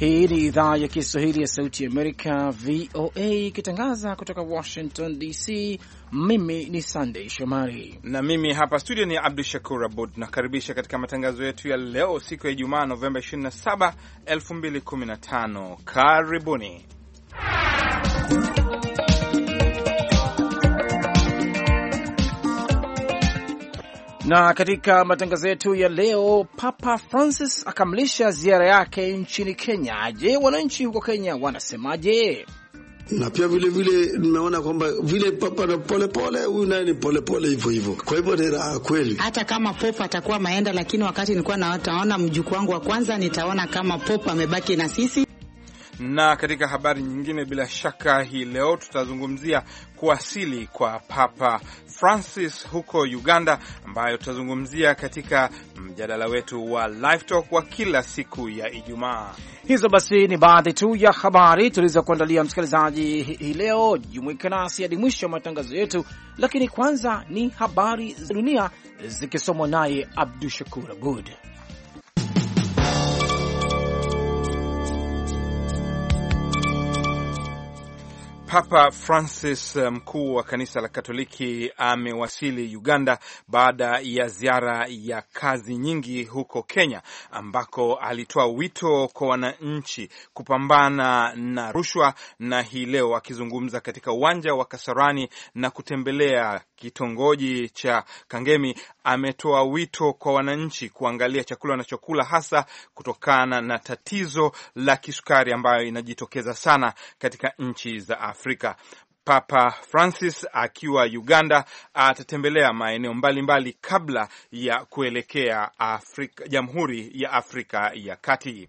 Hii ni idhaa ya Kiswahili ya Sauti ya Amerika, VOA, ikitangaza kutoka Washington DC. Mimi ni Sandey Shomari na mimi hapa studio ni Abdu Shakur Abud. Nakaribisha katika matangazo yetu ya leo, siku ya Ijumaa Novemba 27, 2015. Karibuni Na katika matangazo yetu ya leo, Papa Francis akamilisha ziara yake nchini Kenya. Je, wananchi huko Kenya wanasemaje? na pia vile vile nimeona kwamba vile papa na polepole huyu naye ni polepole hivyo hivyo, kwa hivyo ni raha kweli. Hata kama popa atakuwa maenda, lakini wakati nilikuwa nataona mjukuu wangu wa kwanza, nitaona kama popa amebaki na sisi. Na katika habari nyingine, bila shaka hii leo tutazungumzia kuwasili kwa Papa Francis huko Uganda, ambayo tutazungumzia katika mjadala wetu wa Live Talk wa kila siku ya Ijumaa. Hizo basi ni baadhi tu ya habari tulizokuandalia kuandalia msikilizaji hii leo. Jumuika nasi hadi mwisho wa matangazo yetu, lakini kwanza ni habari za dunia zikisomwa naye Abdu Shakur Abud. Papa Francis, eh, mkuu wa kanisa la Katoliki, amewasili Uganda baada ya ziara ya kazi nyingi huko Kenya, ambako alitoa wito kwa wananchi kupambana na rushwa, na hii leo akizungumza katika uwanja wa Kasarani na kutembelea kitongoji cha Kangemi ametoa wito kwa wananchi kuangalia chakula wanachokula hasa kutokana na tatizo la kisukari ambayo inajitokeza sana katika nchi za Afrika. Papa Francis akiwa Uganda atatembelea maeneo mbalimbali kabla ya kuelekea Jamhuri ya Afrika ya Kati.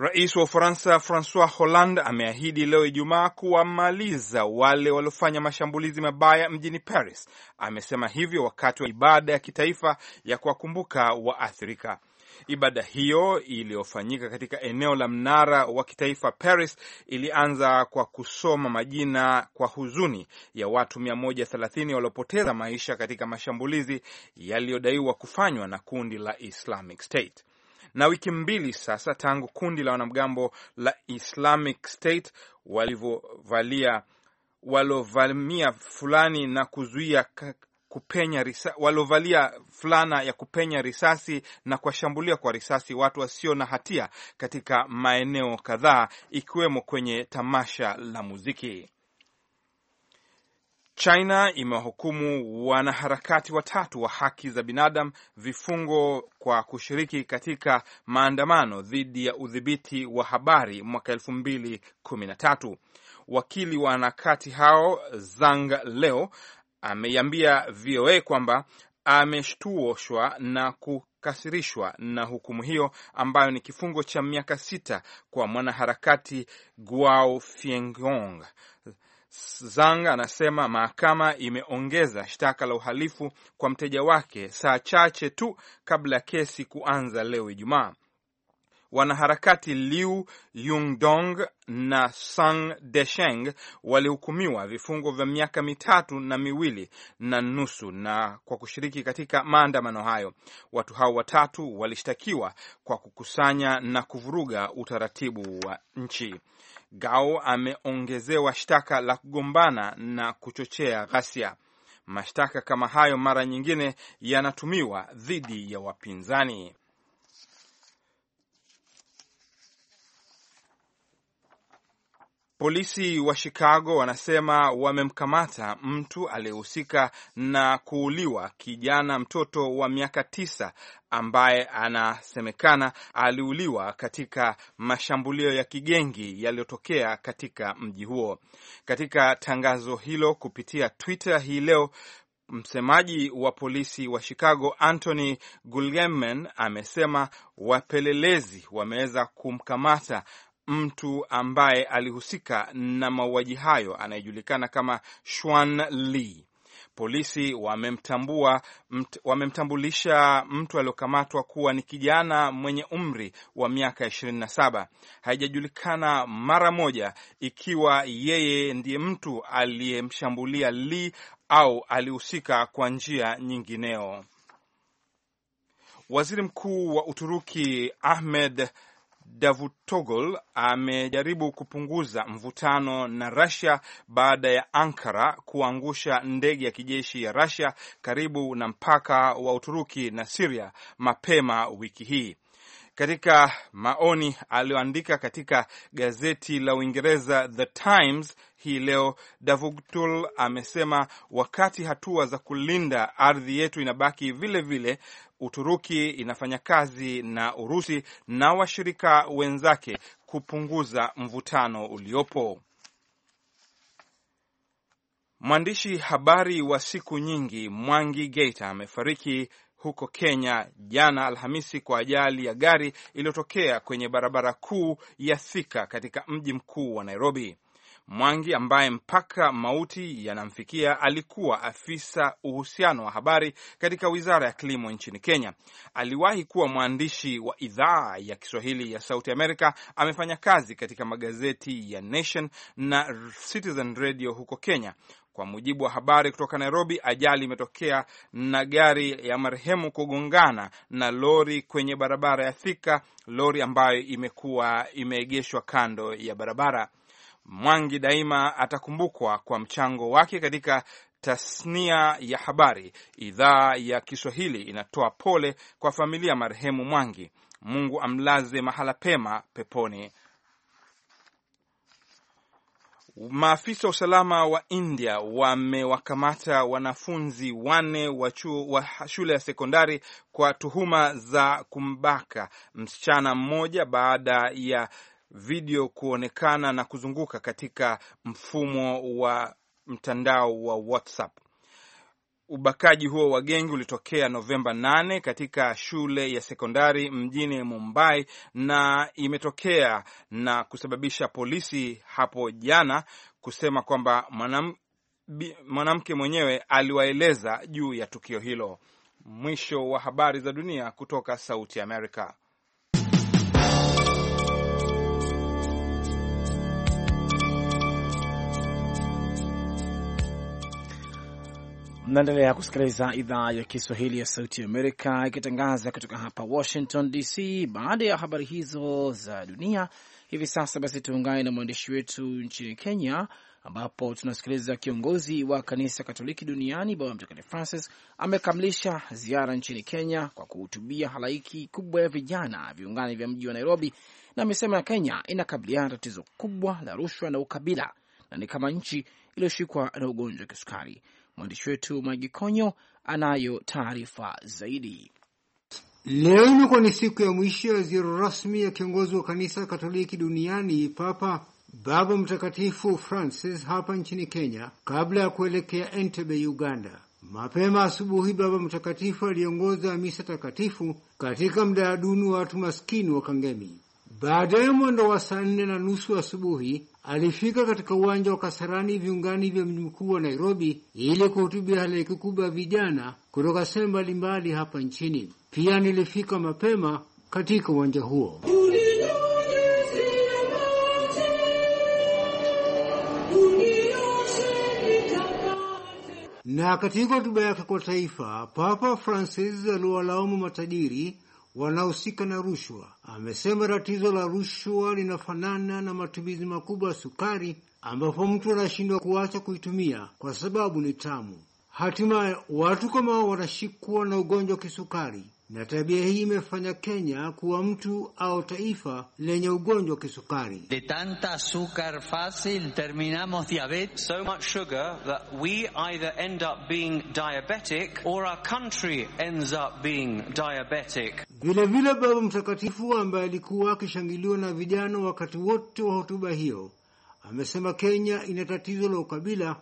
Rais wa Ufaransa Francois Hollande ameahidi leo Ijumaa kuwamaliza wale waliofanya mashambulizi mabaya mjini Paris. Amesema hivyo wakati wa ibada ya kitaifa ya kuwakumbuka waathirika. Ibada hiyo iliyofanyika katika eneo la mnara wa kitaifa Paris ilianza kwa kusoma majina kwa huzuni ya watu 130 waliopoteza maisha katika mashambulizi yaliyodaiwa kufanywa na kundi la Islamic State na wiki mbili sasa tangu kundi la wanamgambo la Islamic State walivyovalia walovamia fulani na kuzuia kupenya risa, walovalia fulana ya kupenya risasi na kuwashambulia kwa risasi watu wasio na hatia katika maeneo kadhaa ikiwemo kwenye tamasha la muziki. China imewahukumu wanaharakati watatu wa haki za binadamu vifungo kwa kushiriki katika maandamano dhidi ya udhibiti wa habari mwaka elfu mbili kumi na tatu. Wakili wa wanaharakati hao Zhang Leo ameiambia VOA kwamba ameshtuoshwa na kukasirishwa na hukumu hiyo ambayo ni kifungo cha miaka sita kwa mwanaharakati Guao Fiengong. Zhang anasema mahakama imeongeza shtaka la uhalifu kwa mteja wake saa chache tu kabla ya kesi kuanza leo Ijumaa. Wanaharakati Liu Yungdong na Sang Desheng walihukumiwa vifungo vya miaka mitatu na miwili na nusu na kwa kushiriki katika maandamano hayo. Watu hao watatu walishtakiwa kwa kukusanya na kuvuruga utaratibu wa nchi. Gao ameongezewa shtaka la kugombana na kuchochea ghasia. Mashtaka kama hayo mara nyingine yanatumiwa dhidi ya wapinzani. Polisi wa Chicago wanasema wamemkamata mtu aliyehusika na kuuliwa kijana mtoto wa miaka tisa ambaye anasemekana aliuliwa katika mashambulio ya kigengi yaliyotokea katika mji huo. Katika tangazo hilo kupitia Twitter hii leo, msemaji wa polisi wa Chicago Anthony Guillermin amesema wapelelezi wameweza kumkamata mtu ambaye alihusika na mauaji hayo anayejulikana kama Shwan Lee. Polisi wamemtambua mt, wamemtambulisha mtu aliyokamatwa kuwa ni kijana mwenye umri wa miaka 27. Haijajulikana mara moja ikiwa yeye ndiye mtu aliyemshambulia Lee au alihusika kwa njia nyingineo. Waziri Mkuu wa Uturuki Ahmed Davutoglu amejaribu kupunguza mvutano na Russia baada ya Ankara kuangusha ndege ya kijeshi ya Russia karibu na mpaka wa Uturuki na Syria mapema wiki hii katika maoni aliyoandika katika gazeti la Uingereza The Times hii leo, Davutoglu amesema wakati hatua za kulinda ardhi yetu inabaki vile vile, Uturuki inafanya kazi na Urusi na washirika wenzake kupunguza mvutano uliopo. Mwandishi habari wa siku nyingi Mwangi Geita amefariki huko Kenya jana Alhamisi kwa ajali ya gari iliyotokea kwenye barabara kuu ya Thika katika mji mkuu wa Nairobi. Mwangi ambaye mpaka mauti yanamfikia alikuwa afisa uhusiano wa habari katika wizara ya kilimo nchini Kenya. Aliwahi kuwa mwandishi wa idhaa ya Kiswahili ya Sauti Amerika. Amefanya kazi katika magazeti ya Nation na Citizen Radio huko Kenya. Kwa mujibu wa habari kutoka Nairobi, ajali imetokea na gari ya marehemu kugongana na lori kwenye barabara ya Thika, lori ambayo imekuwa imeegeshwa kando ya barabara. Mwangi daima atakumbukwa kwa mchango wake katika tasnia ya habari. Idhaa ya Kiswahili inatoa pole kwa familia marehemu Mwangi. Mungu amlaze mahala pema peponi. Maafisa wa usalama wa India wamewakamata wanafunzi wanne wa wa shule ya sekondari kwa tuhuma za kumbaka msichana mmoja baada ya video kuonekana na kuzunguka katika mfumo wa mtandao wa WhatsApp. Ubakaji huo wa gengi ulitokea Novemba 8 katika shule ya sekondari mjini Mumbai na imetokea na kusababisha polisi hapo jana kusema kwamba mwanamke mwenyewe aliwaeleza juu ya tukio hilo. Mwisho wa habari za dunia kutoka Sauti Amerika. Mnaendelea kusikiliza idhaa ya Kiswahili ya Sauti ya Amerika ikitangaza kutoka hapa Washington DC. Baada ya habari hizo za dunia, hivi sasa basi tuungane na mwandishi wetu nchini Kenya, ambapo tunasikiliza kiongozi wa kanisa Katoliki duniani Baba Mtakatifu Francis amekamilisha ziara nchini Kenya kwa kuhutubia halaiki kubwa ya vijana viungani vya mji wa Nairobi, na amesema ya Kenya inakabiliana na tatizo kubwa la rushwa na ukabila na ni kama nchi iliyoshikwa na ugonjwa wa kisukari. Mwandishi wetu Magi Konyo anayo taarifa zaidi. Leo imekuwa ni siku ya mwisho ya ziara rasmi ya kiongozi wa kanisa Katoliki duniani Papa Baba Mtakatifu Francis hapa nchini Kenya kabla ya kuelekea Entebbe, Uganda. Mapema asubuhi, Baba Mtakatifu aliongoza misa takatifu katika mdaa duni wa watu maskini wa Kangemi. Baadaye mwendo wa saa nne na nusu asubuhi alifika katika uwanja wa Kasarani viungani vya mji mkuu wa Nairobi ili kuhutubia halaiki kubwa ya vijana kutoka sehemu mbalimbali hapa nchini. Pia nilifika mapema katika uwanja huo. Na katika hotuba yake kwa taifa, Papa Francis aliwalaumu matajiri wanaohusika na rushwa. Amesema tatizo la rushwa linafanana na matumizi makubwa ya sukari, ambapo mtu anashindwa kuacha kuitumia kwa sababu ni tamu. Hatimaye watu kama wanashikwa na ugonjwa wa kisukari na tabia hii imefanya Kenya kuwa mtu au taifa lenye ugonjwa wa kisukari. De tanta azúcar fácil terminamos diabetes. So much sugar that we either end up being diabetic or our country ends up being diabetic. Baba Mtakatifu ambaye alikuwa akishangiliwa na vijana wakati wote wa hotuba hiyo amesema Kenya ina tatizo la ukabila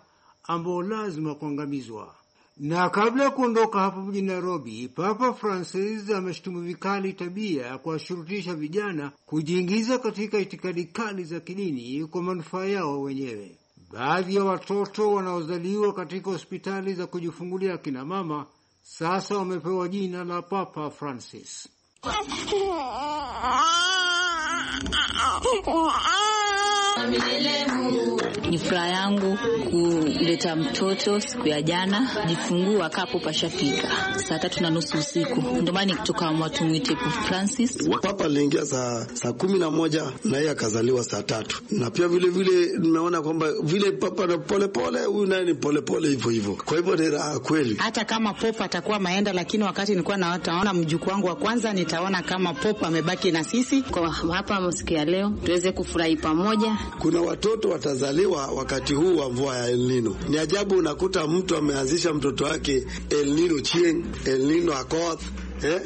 ambao lazima kuangamizwa. Na kabla ya kuondoka hapo mjini Nairobi, Papa Francis ameshutumu vikali tabia ya kuwashurutisha vijana kujiingiza katika itikadi kali za kidini kwa manufaa yao wenyewe. Baadhi ya watoto wanaozaliwa katika hospitali za kujifungulia akina mama sasa wamepewa jina la Papa Francis. Ni furaha yangu kuleta mtoto siku ya jana, jifungua kapo pashafika saa tatu na nusu usiku, ndio maana nikitoka watu mwite Francis. Papa aliingia saa saa kumi na moja na yeye akazaliwa saa tatu, na pia vile vile nimeona kwamba vile papa na polepole, huyu naye ni polepole hivyo hivyo, kwa hivyo ni raha kweli. Hata kama popa atakuwa maenda, lakini wakati nilikuwa nataona mjukuu wangu wa kwanza, nitaona kama popa amebaki na sisi kwa hapa siku ya leo tuweze kufurahi pamoja kuna watoto watazaliwa wakati huu wa mvua ya El Nino. Ni ajabu, unakuta mtu ameanzisha mtoto wake El Nino Chieng, El Nino Akoth eh?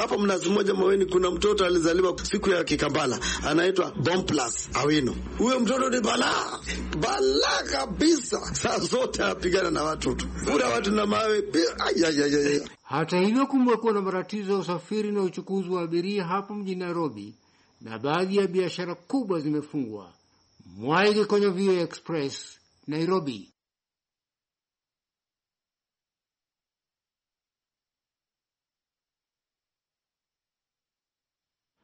hapa eh, Mnazi Mmoja Maweni kuna mtoto alizaliwa siku ya Kikambala anaitwa Bomplas Awino. Huyo mtoto ni balaa balaa kabisa, saa zote anapigana na watoto kuna watu na mawe. Hata hivyo, kumekuwa na matatizo ya usafiri na uchukuzi wa abiria hapo mjini Nairobi, na baadhi ya biashara kubwa zimefungwa. Mwaigi kwenye VOA Express Nairobi.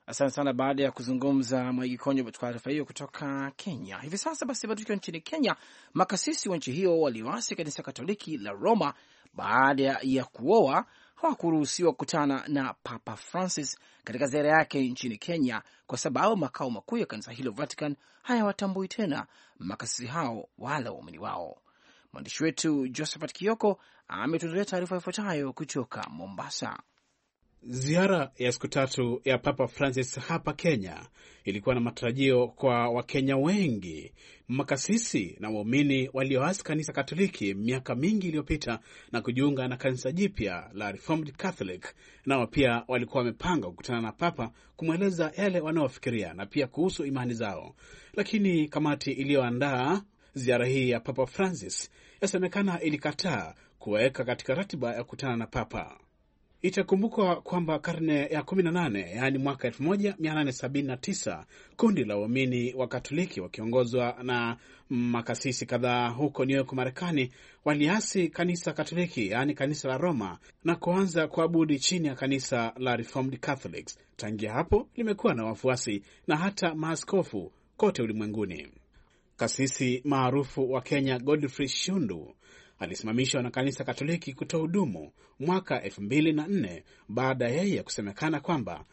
Asante sana. Baada ya kuzungumza Mwaigikonyo taarifa hiyo kutoka Kenya. Hivi sasa basi, bado tukiwa nchini Kenya, makasisi wa nchi hiyo walioasi kanisa Katoliki la Roma baada ya kuoa hawakuruhusiwa kukutana na Papa Francis katika ziara yake nchini Kenya kwa sababu makao makuu ya kanisa hilo Vatican hayawatambui tena makasisi hao wala waumini wao. Mwandishi wetu Josephat Kioko ametuandalia taarifa ifuatayo kutoka Mombasa. Ziara ya siku tatu ya Papa Francis hapa Kenya ilikuwa na matarajio kwa Wakenya wengi, makasisi na waumini walioasi kanisa Katoliki miaka mingi iliyopita na kujiunga na kanisa jipya la Reformed Catholic. Nao pia walikuwa wamepanga kukutana na Papa kumweleza yale wanaofikiria na pia kuhusu imani zao, lakini kamati iliyoandaa ziara hii ya Papa Francis yasemekana ilikataa kuwaweka katika ratiba ya kukutana na Papa. Itakumbukwa kwamba karne ya 18 yaani mwaka 1879 kundi la waumini wa Katoliki wakiongozwa na makasisi kadhaa huko New York, Marekani, waliasi kanisa Katoliki yaani kanisa la Roma na kuanza kuabudi chini ya kanisa la Reformed Catholics. Tangia hapo limekuwa na wafuasi na hata maaskofu kote ulimwenguni. Kasisi maarufu wa Kenya Godfrey Shundu alisimamishwa na kanisa Katoliki kutoa hudumu mwaka 2004 baada ya yeye kusemekana kwamba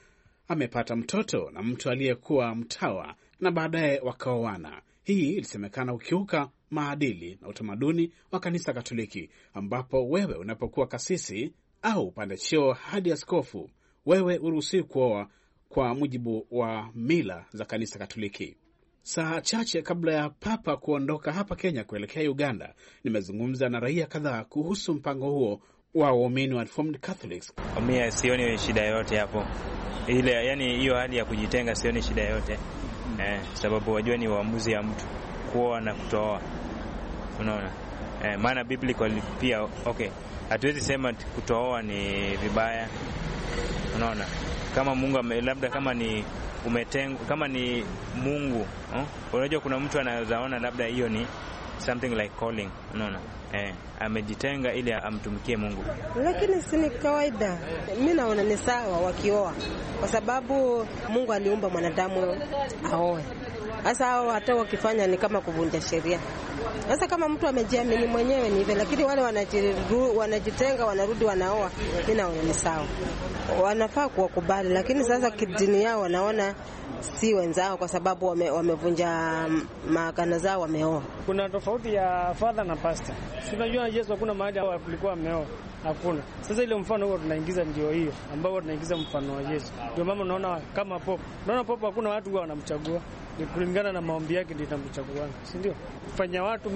amepata mtoto na mtu aliyekuwa mtawa na baadaye wakaoana. Hii ilisemekana ukiuka maadili na utamaduni wa kanisa Katoliki, ambapo wewe unapokuwa kasisi au upande cheo hadi askofu, wewe uruhusii kuoa kwa mujibu wa mila za kanisa Katoliki. Saa chache kabla ya Papa kuondoka hapa Kenya kuelekea Uganda, nimezungumza na raia kadhaa kuhusu mpango huo wa waumini wa Reformed Catholics. Mimi sioni shida yoyote hapo ile, yani hiyo hali ya kujitenga sioni shida yoyote eh, sababu wajua ni uamuzi ya mtu kuoa na kutooa, unaona eh, maana pia okay, hatuwezi sema kutooa ni vibaya, unaona kama Mungu labda kama ni umetengwa, kama ni Mungu oh? Unajua kuna mtu anawezaona labda hiyo ni something like calling, unaona eh, amejitenga ili amtumikie Mungu, lakini si ni kawaida. Mimi naona ni sawa wakioa, kwa sababu Mungu aliumba mwanadamu aoe sasa hao hata wakifanya ni kama kuvunja sheria. Sasa kama mtu amejiamini mwenyewe ni hivyo, lakini wale wanajiru, wanajitenga wanarudi wanaoa, mimi naona ni sawa, wanafaa kuwakubali, lakini sasa kidini yao wanaona si wenzao kwa sababu wame, wamevunja mm, maagano zao, wameoa. Kuna tofauti ya father na pastor. Si unajua Yesu hakuna mahali alikuwa ameoa, hakuna. Sasa ile mfano huo tunaingiza ndio hiyo ambao tunaingiza mfano wa Yesu. Ndio mama, unaona kama popo, unaona popo, hakuna watu huwa wanamchagua ni kulingana na maombi yake ndio itamchaguana, si ndio? Fanya watu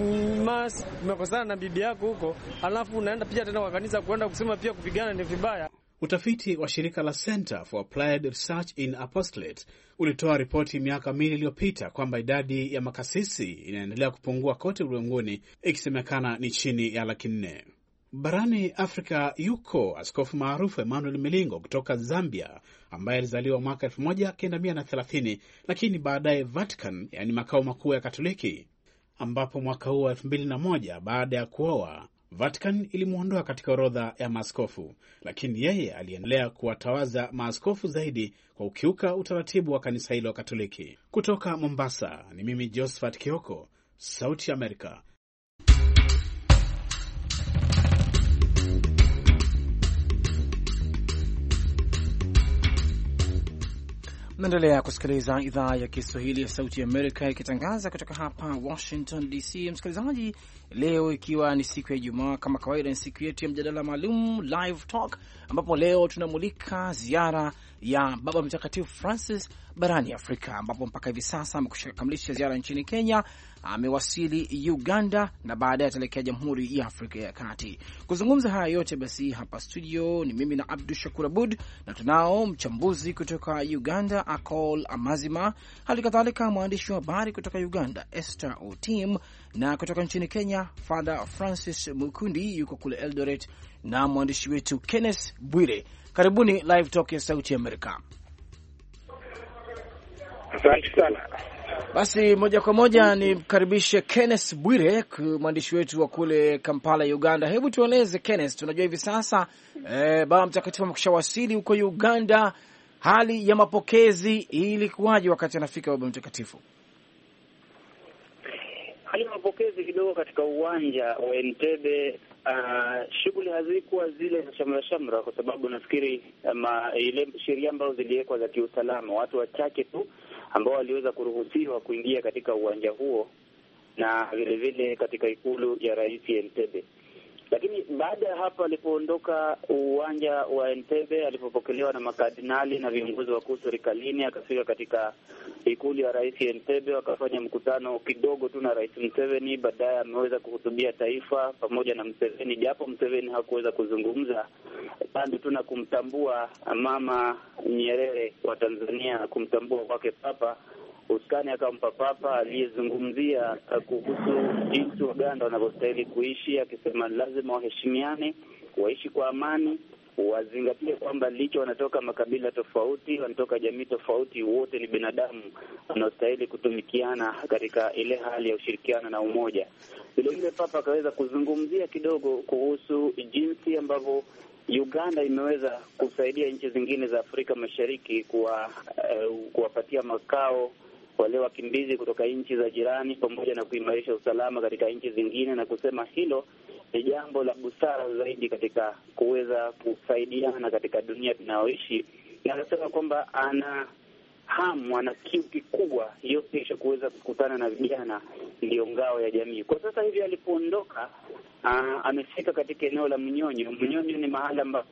mas umekosana na bibi yako huko, alafu unaenda pia tena kwa kanisa kuenda kusema pia kupigana ni vibaya. Utafiti wa shirika la Center for Applied Research in Apostolate ulitoa ripoti miaka miwili iliyopita kwamba idadi ya makasisi inaendelea kupungua kote ulimwenguni, ikisemekana ni chini ya laki nne. Barani Afrika yuko askofu maarufu Emmanuel Milingo kutoka Zambia ambaye alizaliwa mwaka 1930 lakini baadaye Vatican, yaani makao makuu ya Katoliki, ambapo mwaka huu wa 2001 baada ya kuoa Vatican ilimwondoa katika orodha ya maaskofu, lakini yeye aliendelea kuwatawaza maaskofu zaidi kwa ukiuka utaratibu wa kanisa hilo Katoliki. Kutoka Mombasa ni mimi Josephat Kioko, Sauti Amerika. Naendelea kusikiliza idhaa ya Kiswahili ya Sauti Amerika ikitangaza kutoka hapa Washington DC. Msikilizaji, leo ikiwa ni siku ya Ijumaa, kama kawaida, ni siku yetu ya mjadala maalum Live Talk, ambapo leo tunamulika ziara ya Baba Mtakatifu Francis barani Afrika, ambapo mpaka hivi sasa amekwisha ziara nchini Kenya amewasili Uganda na baadaye ataelekea Jamhuri ya Afrika ya Kati. Kuzungumza haya yote basi, hapa studio ni mimi na Abdu Shakur Abud, na tunao mchambuzi kutoka Uganda acol Amazima, hali kadhalika mwandishi wa habari kutoka Uganda Esther Otim, na kutoka nchini Kenya Father Francis Mukundi yuko kule Eldoret, na mwandishi wetu Kenneth Bwire. Karibuni Live Talk ya Sauti Amerika. Asante sana. Basi moja kwa moja nimkaribishe Kenneth Bwire, mwandishi wetu wa kule Kampala, Uganda. Hebu tueleze Kenneth, tunajua hivi sasa eh, Baba Mtakatifu wasili huko Uganda, hali ya mapokezi ilikuwaje wakati anafika Baba Mtakatifu? Hali ya mapokezi kidogo katika uwanja wa Entebbe, uh, shughuli hazikuwa zile za shamra shamra, kwa sababu nafikiri ile sheria ambazo ziliwekwa za kiusalama, watu wachache tu ambao waliweza kuruhusiwa kuingia katika uwanja huo na vilevile katika ikulu ya rais Entebbe. Lakini baada ya hapo alipoondoka uwanja wa Entebbe, alipopokelewa na makardinali na viongozi wakuu serikalini, akafika katika ikulu ya rais Entebbe, wakafanya mkutano kidogo tu na rais mseveni Baadaye ameweza kuhutubia taifa pamoja na mseveni japo mseveni hakuweza kuzungumza, bado tu na kumtambua mama Nyerere wa Tanzania, kumtambua kwake papa Uskani akampa papa aliyezungumzia eh, kuhusu jinsi Waganda wanavyostahili kuishi, akisema lazima waheshimiane, waishi kwa amani, wazingatie kwamba licha wanatoka makabila tofauti, wanatoka jamii tofauti, wote ni binadamu wanaostahili kutumikiana katika ile hali ya ushirikiano na umoja. Vilevile papa akaweza kuzungumzia kidogo kuhusu jinsi ambavyo Uganda imeweza kusaidia nchi zingine za Afrika Mashariki kuwa, uh, kuwapatia makao wale wakimbizi kutoka nchi za jirani, pamoja na kuimarisha usalama katika nchi zingine, na kusema hilo ni jambo la busara zaidi katika kuweza kusaidiana katika dunia tunayoishi, na anasema kwamba ana hamu ana kiu kikubwa hiyo kesho kuweza kukutana na vijana, ndiyo ngao ya jamii. Kwa sasa hivi alipoondoka, amefika katika eneo la Mnyonyo. Mnyonyo ni mahala ambapo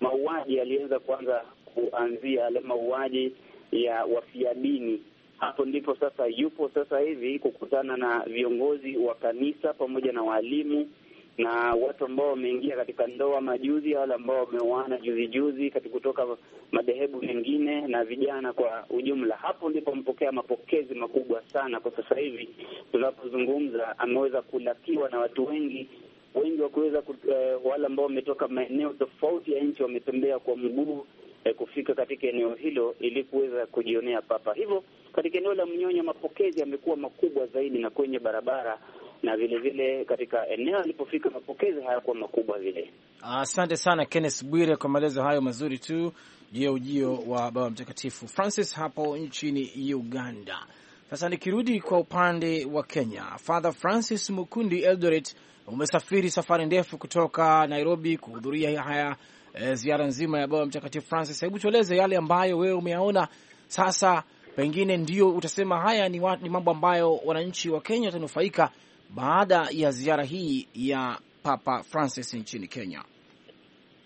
mauaji alianza kuanza kuanzia ale mauaji ya wafia dini hapo ndipo sasa yupo sasa hivi kukutana na viongozi wa kanisa pamoja na waalimu na watu ambao wameingia katika ndoa majuzi, wale ambao wameoana juzi juzi katika kutoka madhehebu mengine na vijana kwa ujumla. Hapo ndipo mpokea mapokezi makubwa sana kwa sasa hivi tunapozungumza, ameweza kulakiwa na watu wengi wengi wa kuweza eh, wale ambao wametoka maeneo tofauti ya nchi wametembea kwa mguu eh, kufika katika eneo hilo ili kuweza kujionea papa. Hivyo katika eneo la Mnyonya mapokezi yamekuwa makubwa zaidi, na kwenye barabara na vile vile katika eneo alipofika mapokezi hayakuwa makubwa vile. Asante sana Kenneth Bwire kwa maelezo hayo mazuri tu juu ya ujio wa Baba Mtakatifu Francis hapo nchini Uganda. Sasa nikirudi kwa upande wa Kenya, Father Francis Mukundi Eldoret, umesafiri safari ndefu kutoka Nairobi kuhudhuria haya e, ziara nzima ya Baba Mtakatifu Francis. Hebu tueleze yale ambayo wewe umeyaona sasa, pengine ndio utasema haya ni, ni mambo ambayo wananchi wa Kenya watanufaika baada ya ziara hii ya Papa Francis nchini Kenya.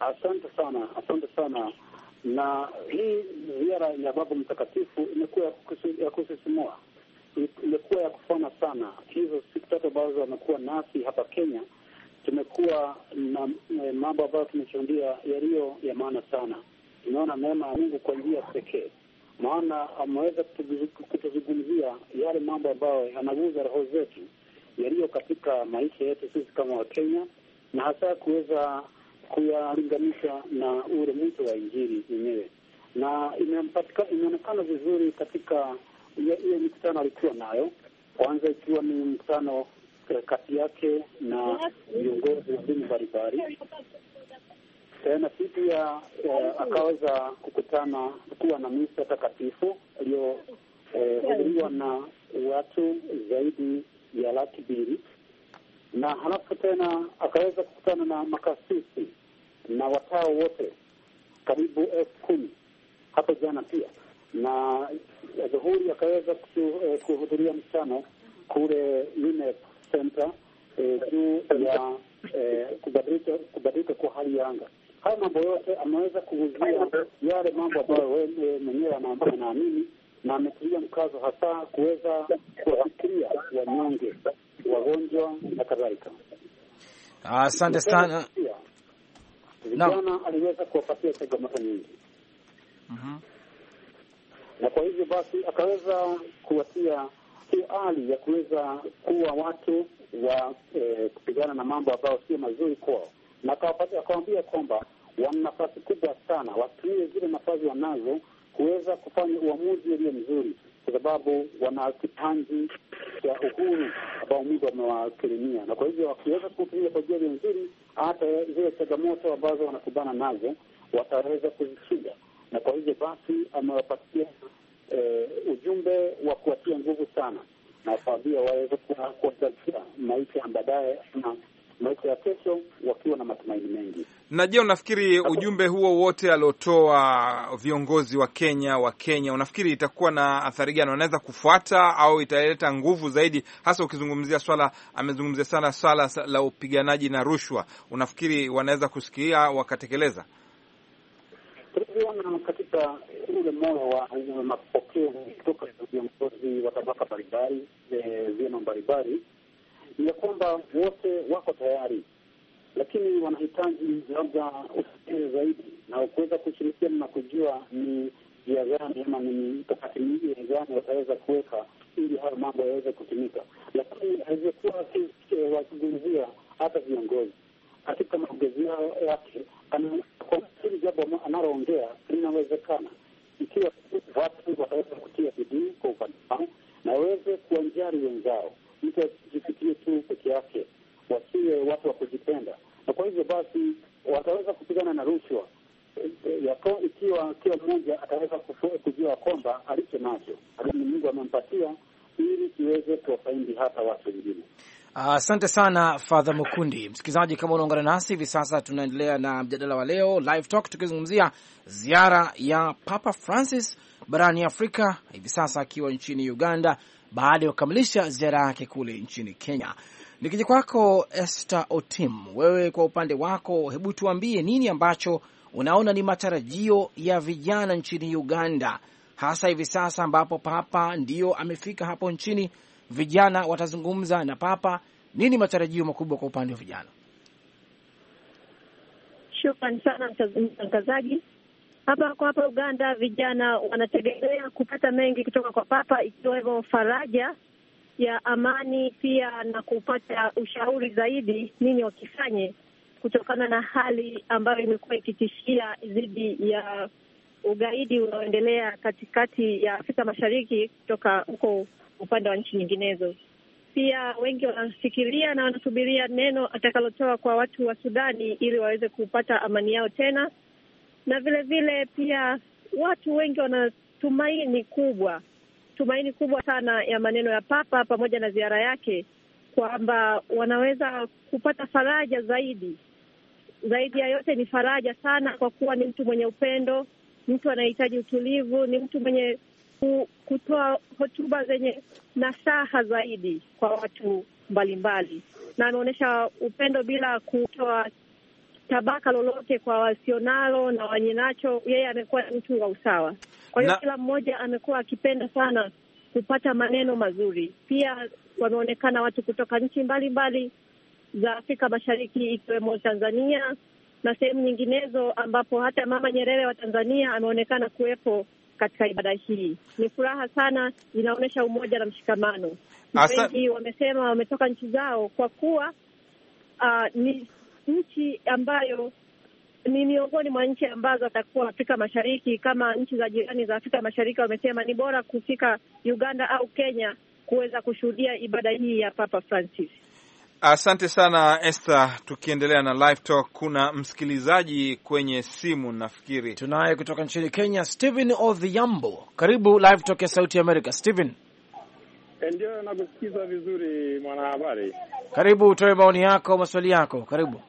Asante sana, asante sana. Na hii ziara ya Baba Mtakatifu imekuwa ya kusisimua, imekuwa ya kufana sana. Hizo siku tatu ambazo amekuwa nasi hapa Kenya tumekuwa na eh, mambo ambayo tumeshuhudia yaliyo ya maana sana. Tumeona neema ya Mungu kwa njia pekee, maana ameweza kutuzungumzia yale mambo ambayo yanaguza roho zetu, yaliyo katika maisha yetu sisi kama Wakenya, na hasa kuweza kuyalinganisha na ule mwito wa Injili yenyewe, na imeonekana vizuri katika hiyo mikutano alikuwa nayo, kwanza ikiwa ni mkutano Eh, kati yake na viongozi dini mbalimbali. Tena siku ya eh, akaweza kukutana kuwa na misa takatifu iliyohudhuriwa eh, na watu zaidi ya laki mbili na halafu tena akaweza kukutana na makasisi na watao wote karibu elfu kumi hapo jana pia, na dhuhuri akaweza eh, kuhudhuria mchano kule UNEP senta eh, juu ya eh, kubadilika kubadilika kwa hali ya anga. Haya mambo yote ameweza kuuzia yale mambo ambayo wewe mwenyewe anaamini na ametilia mkazo hasa kuweza kuwafikiria wanyonge, wagonjwa na kadhalika. Asante uh, sana vijana Aliweza kuwapatia changamoto nyingi mm -hmm. Na kwa hivyo basi akaweza kuwatia sio hali ya kuweza kuwa watu wa e, kupigana na mambo ambayo sio mazuri kwao, na akawaambia kwamba wana nafasi kubwa sana, watumie zile nafasi wanazo kuweza kufanya uamuzi ulio mzuri, kwa sababu wana kipanji cha uhuru ambao Mungu amewakirimia, na kwa hivyo wakiweza kutumia kwa njia nzuri, hata zile changamoto ambazo wanakumbana nazo wataweza kuzishinda, na kwa hivyo basi amewapatia eh, ujumbe wa kuwatia nguvu sana na kuambia waweze kuangazia maisha ya baadaye na maisha ya kesho wakiwa na matumaini mengi. Na je, unafikiri ujumbe huo wote aliotoa viongozi wa Kenya wa Kenya, unafikiri itakuwa na athari gani? Wanaweza kufuata au italeta nguvu zaidi, hasa ukizungumzia swala, amezungumzia sana swala la upiganaji na rushwa. Unafikiri wanaweza kusikia wakatekeleza? kabisa ule moyo wa mapokezi kutoka viongozi wa tabaka mbalimbali, eh, vyama mbalimbali, ni ya kwamba wote wako tayari, lakini wanahitaji labda ufikiri zaidi na kuweza kushirikiana na kujua ni njia gani ama ni mkakati mingine gani wataweza kuweka ili hayo mambo yaweze kutumika, lakini haizokuwa eh, wakizungumzia hata viongozi katika maongezio yake kwanaili jambo analoongea linawezekana, ikiwa watu wataweza kutia bidii kwa ufasaha na waweze kuwanjari wenzao, mtu asijifikie tu peke yake, wasiwe watu wa kujipenda, na kwa hivyo basi wataweza kupigana na rushwa e, e, yako ikiwa kila mmoja ataweza kujua kwamba alicho nacho Mungu amempatia ili kiweze kuwafaindi hata watu wengine. Ah, asante uh, sana Father Mukundi. Msikilizaji, kama unaungana nasi hivi sasa, tunaendelea na mjadala wa leo Live Talk tukizungumzia ziara ya Papa Francis barani Afrika hivi sasa akiwa nchini Uganda baada ya kukamilisha ziara yake kule nchini Kenya. Nikija kwako Esther Otim, wewe kwa upande wako, hebu tuambie nini ambacho unaona ni matarajio ya vijana nchini Uganda hasa hivi sasa ambapo Papa ndio amefika hapo nchini vijana watazungumza na Papa. Nini matarajio makubwa kwa upande wa vijana? Shukran sana mtangazaji. Hapa kwa hapa Uganda vijana wanategemea kupata mengi kutoka kwa Papa, ikiwemo faraja ya amani, pia na kupata ushauri zaidi nini wakifanye kutokana na hali ambayo imekuwa ikitishia dhidi ya ugaidi unaoendelea katikati ya Afrika Mashariki kutoka huko upande wa nchi nyinginezo. Pia wengi wanafikiria na wanasubiria neno atakalotoa kwa watu wa Sudani ili waweze kupata amani yao tena, na vilevile vile pia watu wengi wanatumaini kubwa, tumaini kubwa sana ya maneno ya Papa pamoja na ziara yake, kwamba wanaweza kupata faraja zaidi. Zaidi ya yote ni faraja sana, kwa kuwa ni mtu mwenye upendo, mtu anayehitaji utulivu, ni mtu mwenye kutoa hotuba zenye nasaha zaidi kwa watu mbalimbali, na ameonyesha upendo bila kutoa tabaka lolote kwa wasionalo na wenye nacho. Yeye amekuwa ni mtu wa usawa, kwa hiyo na... kila mmoja amekuwa akipenda sana kupata maneno mazuri. Pia wameonekana watu kutoka nchi mbalimbali za Afrika Mashariki ikiwemo Tanzania na sehemu nyinginezo ambapo hata Mama Nyerere wa Tanzania ameonekana kuwepo katika ibada hii. Ni furaha sana, inaonyesha umoja na mshikamano. Wengi wamesema wametoka nchi zao kwa kuwa uh, ni nchi ambayo ni miongoni mwa nchi ambazo atakuwa Afrika Mashariki, kama nchi za jirani za Afrika Mashariki wamesema ni bora kufika Uganda au Kenya kuweza kushuhudia ibada hii ya Papa Francis. Asante sana Esther. Tukiendelea na live talk, kuna msikilizaji kwenye simu nafikiri tunaye kutoka nchini Kenya, Stephen Odhiambo. Karibu live talk ya Sauti ya Amerika. Stephen, eh, ndio nakusikiza vizuri mwanahabari. Karibu utoe maoni yako, maswali yako, karibu.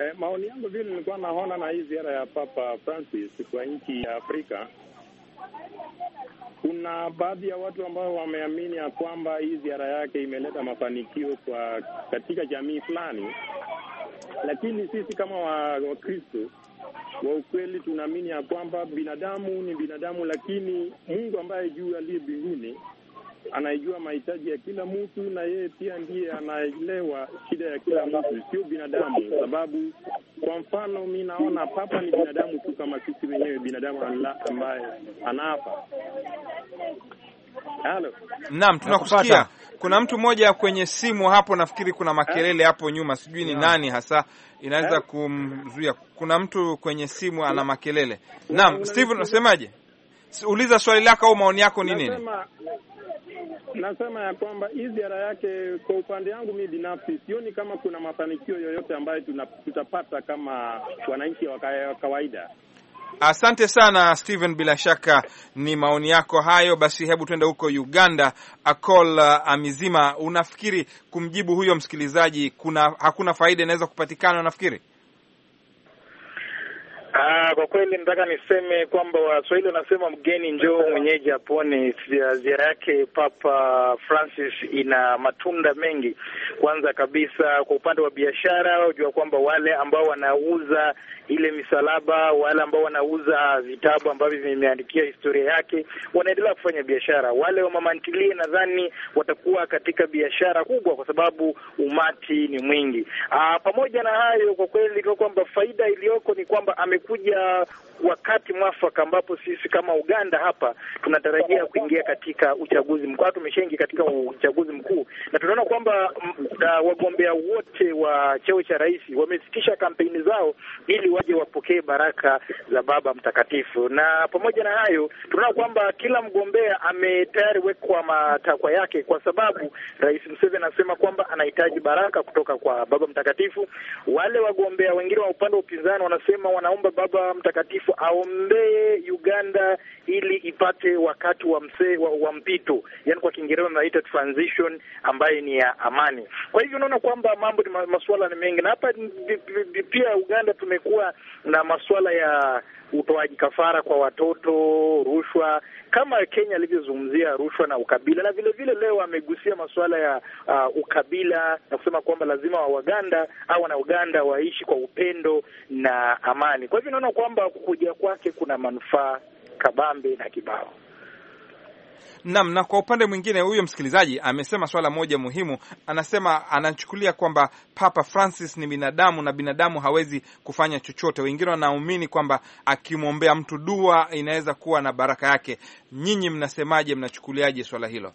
E, maoni yangu vile nilikuwa naona na hii ziara ya Papa Francis kwa nchi ya Afrika kuna baadhi ya watu ambao wameamini ya kwamba hii ziara yake imeleta mafanikio kwa katika jamii fulani, lakini sisi kama Wakristo wa, wa ukweli tunaamini ya kwamba binadamu ni binadamu, lakini Mungu ambaye juu aliye mbinguni anaijua mahitaji ya kila mtu, na yeye pia ndiye anaelewa shida ya kila mtu, sio binadamu. Sababu kwa mfano, mi naona papa ni binadamu tu kama sisi wenyewe, binadamu ambaye anaapa. Halo, naam, tunakusikia. Kuna mtu mmoja kwenye simu hapo, nafikiri kuna makelele hapo nyuma, sijui ni nani hasa inaweza eh? kumzuia. Kuna mtu kwenye simu ana makelele. Naam, Steven, unasemaje? Uliza swali lako au maoni yako ni nini? nasema ya kwamba hii ziara yake, kwa upande wangu mi binafsi, sioni kama kuna mafanikio yoyote ambayo tutapata kama wananchi wa kawaida. Asante sana Steven, bila shaka ni maoni yako hayo. Basi hebu tuende huko Uganda. Akol uh, Amizima, unafikiri kumjibu huyo msikilizaji kuna hakuna faida inaweza kupatikana? Unafikiri Aa, ah, kwa kweli nataka niseme kwamba Waswahili wanasema mgeni njoo mwenyeji apone. Ziara yake Papa Francis ina matunda mengi. Kwanza kabisa, kwa upande wa biashara, unajua kwamba wale ambao wanauza ile misalaba, wale ambao wanauza vitabu ambavyo vimeandikia historia yake wanaendelea kufanya biashara. Wale wamamantilie nadhani watakuwa katika biashara kubwa, kwa sababu umati ni mwingi. Aa, ah, pamoja na hayo, kwa kweli kwa kwamba faida iliyoko ni kwamba amekuja wakati mwafaka ambapo sisi kama Uganda hapa tunatarajia kuingia katika uchaguzi mkuu, tumeshaingia katika uchaguzi mkuu, na tunaona kwamba mm, ah, wagombea wote wa cheo cha rais wamesitisha kampeni zao ili wa waje wapokee baraka za Baba Mtakatifu. Na pamoja na hayo, tunaona kwamba kila mgombea ametayari wekwa matakwa yake, kwa sababu Rais Museveni anasema kwamba anahitaji baraka kutoka kwa Baba Mtakatifu. Wale wagombea wengine wa upande wa upinzani wanasema wanaomba Baba Mtakatifu aombee Uganda ili ipate wakati wa mse, wa, wa mpito, yani kwa Kiingereza wanaita transition ambaye ni ya amani. Kwa hivyo unaona kwamba mambo ni masuala ni mengi, na hapa pia Uganda tumekuwa kukiwa na masuala ya utoaji kafara kwa watoto, rushwa kama Kenya alivyozungumzia rushwa na ukabila, na vilevile leo amegusia masuala ya uh, ukabila na kusema kwamba lazima Waganda au wana Uganda waishi kwa upendo na amani. Kwa hivyo naona kwamba kukuja kwake kuna manufaa kabambe na kibao. Naam, na kwa upande mwingine huyo msikilizaji amesema swala moja muhimu, anasema anachukulia kwamba Papa Francis ni binadamu na binadamu hawezi kufanya chochote. Wengine wanaamini kwamba akimwombea mtu dua inaweza kuwa na baraka yake. Nyinyi mnasemaje? Mnachukuliaje swala hilo?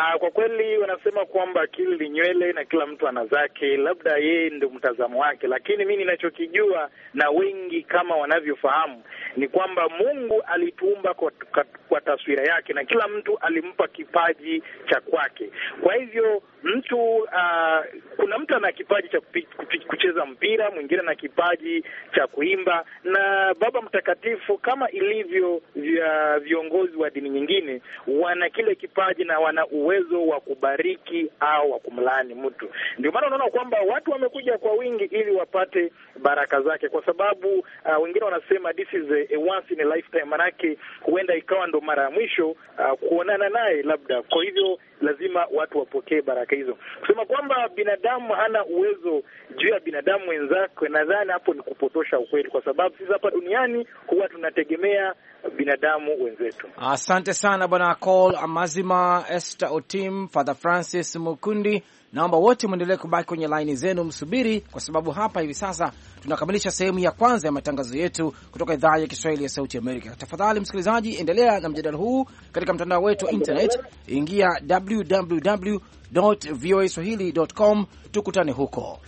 Aa, ah, kwa kweli wanasema kwamba akili ni nywele na kila mtu ana zake, labda yeye ndio mtazamo wake, lakini mi ninachokijua na wengi kama wanavyofahamu ni kwamba Mungu alituumba kwa, kwa, kwa taswira yake na kila mtu alimpa kipaji cha kwake. Kwa hivyo mtu uh, kuna mtu ana kipaji cha kupi, kupi, kucheza mpira, mwingine ana kipaji cha kuimba, na Baba Mtakatifu kama ilivyo vya viongozi wa dini nyingine wana kile kipaji na wana uwezo wa kubariki au wa kumlaani mtu. Ndio maana unaona kwamba watu wamekuja kwa wingi ili wapate baraka zake, kwa sababu uh, wengine wanasema this is a, a once in a lifetime, manake huenda ikawa ndo mara ya mwisho uh, kuonana naye labda. Kwa hivyo lazima watu wapokee baraka hizo. Kusema kwamba binadamu hana uwezo juu ya binadamu wenzake nadhani hapo ni kupotosha ukweli, kwa sababu sisi hapa duniani huwa tunategemea binadamu wenzetu. Asante sana Bwana Call Amazima Esther. Otim, Father Francis Mukundi. Naomba wote mwendelee kubaki kwenye laini zenu, msubiri, kwa sababu hapa hivi sasa tunakamilisha sehemu ya kwanza ya matangazo yetu kutoka idhaa ya Kiswahili ya Sauti Amerika. Tafadhali msikilizaji, endelea na mjadala huu katika mtandao wetu wa internet, ingia www voa com, tukutane huko.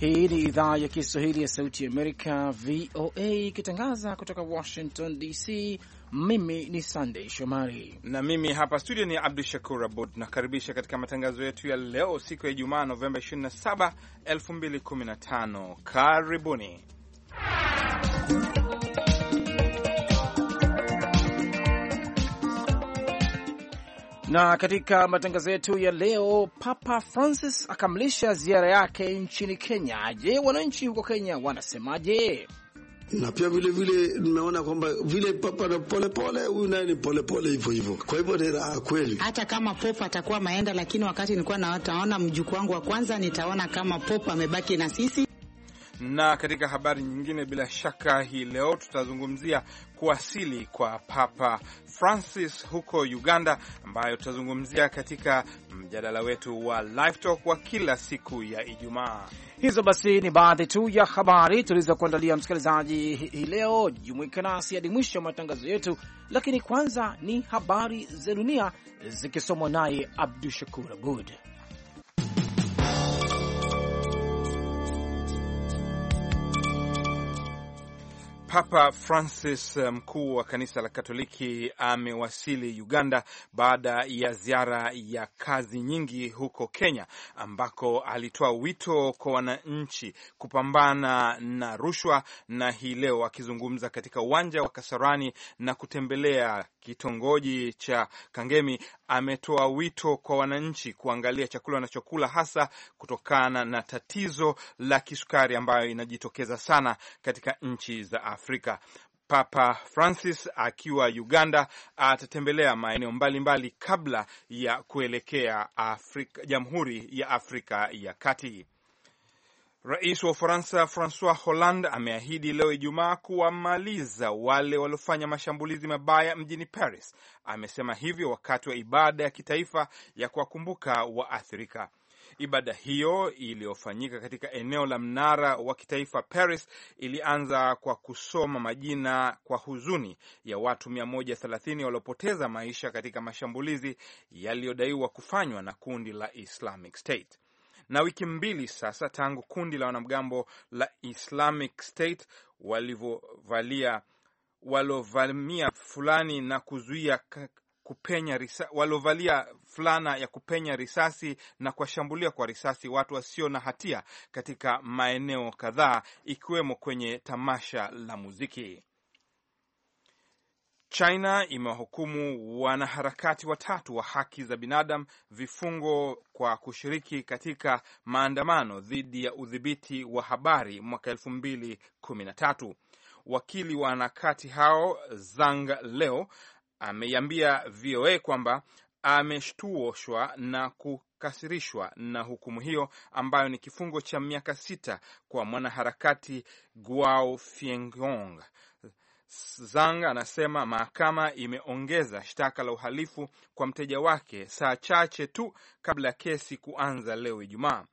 Hii ni idhaa ya Kiswahili ya Sauti ya Amerika, VOA, ikitangaza kutoka Washington DC. Mimi ni Sandey Shomari na mimi hapa studio ni Abdu Shakur Abud. Nakaribisha katika matangazo yetu ya leo, siku ya Ijumaa Novemba 27, 2015. Karibuni Na katika matangazo yetu ya leo, Papa Francis akamilisha ziara yake nchini Kenya. Je, wananchi huko Kenya wanasemaje? na pia vile vile nimeona kwamba vile papa na polepole huyu naye ni polepole hivyo hivyo, kwa hivyo ni raha kweli. Hata kama popa atakuwa maenda, lakini wakati nilikuwa nataona mjukuu wangu wa kwanza, nitaona kama popa amebaki na sisi. Na katika habari nyingine, bila shaka hii leo tutazungumzia kuwasili kwa Papa Francis huko Uganda, ambayo tutazungumzia katika mjadala wetu wa Live Talk wa kila siku ya Ijumaa. Hizo basi ni baadhi tu ya habari tulizokuandalia msikilizaji hii leo. Jumuika nasi hadi mwisho wa matangazo yetu, lakini kwanza ni habari za dunia zikisomwa naye Abdu Shakur Abud. Papa Francis, eh, mkuu wa kanisa la Katoliki, amewasili Uganda baada ya ziara ya kazi nyingi huko Kenya, ambako alitoa wito kwa wananchi kupambana na rushwa, na hii leo akizungumza katika uwanja wa Kasarani na kutembelea kitongoji cha Kangemi ametoa wito kwa wananchi kuangalia chakula wanachokula hasa kutokana na tatizo la kisukari ambayo inajitokeza sana katika nchi za Afrika. Papa Francis akiwa Uganda atatembelea maeneo mbalimbali kabla ya kuelekea Jamhuri ya Afrika ya Kati. Rais wa Ufaransa Francois Hollande ameahidi leo Ijumaa kuwamaliza wale waliofanya mashambulizi mabaya mjini Paris. Amesema hivyo wakati wa ibada ya kitaifa ya kuwakumbuka waathirika. Ibada hiyo iliyofanyika katika eneo la mnara wa kitaifa Paris ilianza kwa kusoma majina kwa huzuni ya watu 130 waliopoteza maisha katika mashambulizi yaliyodaiwa kufanywa na kundi la Islamic State na wiki mbili sasa tangu kundi la wanamgambo la Islamic State walivyovalia walovamia fulani na kuzuia kupenya risa, walovalia fulana ya kupenya risasi na kuwashambulia kwa risasi watu wasio na hatia katika maeneo kadhaa ikiwemo kwenye tamasha la muziki. China imewahukumu wanaharakati watatu wa haki za binadamu vifungo kwa kushiriki katika maandamano dhidi ya udhibiti wa habari mwaka elfu mbili kumi na tatu. Wakili wa wanaharakati hao Zhang Leo ameiambia VOA kwamba ameshtushwa na kukasirishwa na hukumu hiyo ambayo ni kifungo cha miaka sita kwa mwanaharakati Guao Fiengong Zhang anasema mahakama imeongeza shtaka la uhalifu kwa mteja wake saa chache tu kabla ya kesi kuanza leo Ijumaa.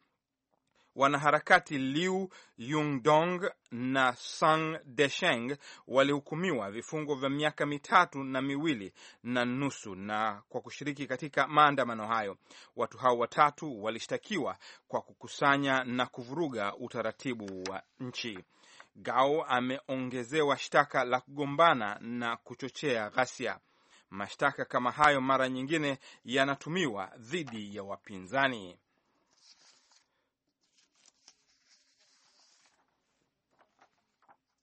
Wanaharakati Liu Yungdong na Sang Desheng walihukumiwa vifungo vya miaka mitatu na miwili na nusu na kwa kushiriki katika maandamano hayo. Watu hao watatu walishtakiwa kwa kukusanya na kuvuruga utaratibu wa nchi. Gao ameongezewa shtaka la kugombana na kuchochea ghasia. Mashtaka kama hayo mara nyingine yanatumiwa dhidi ya wapinzani.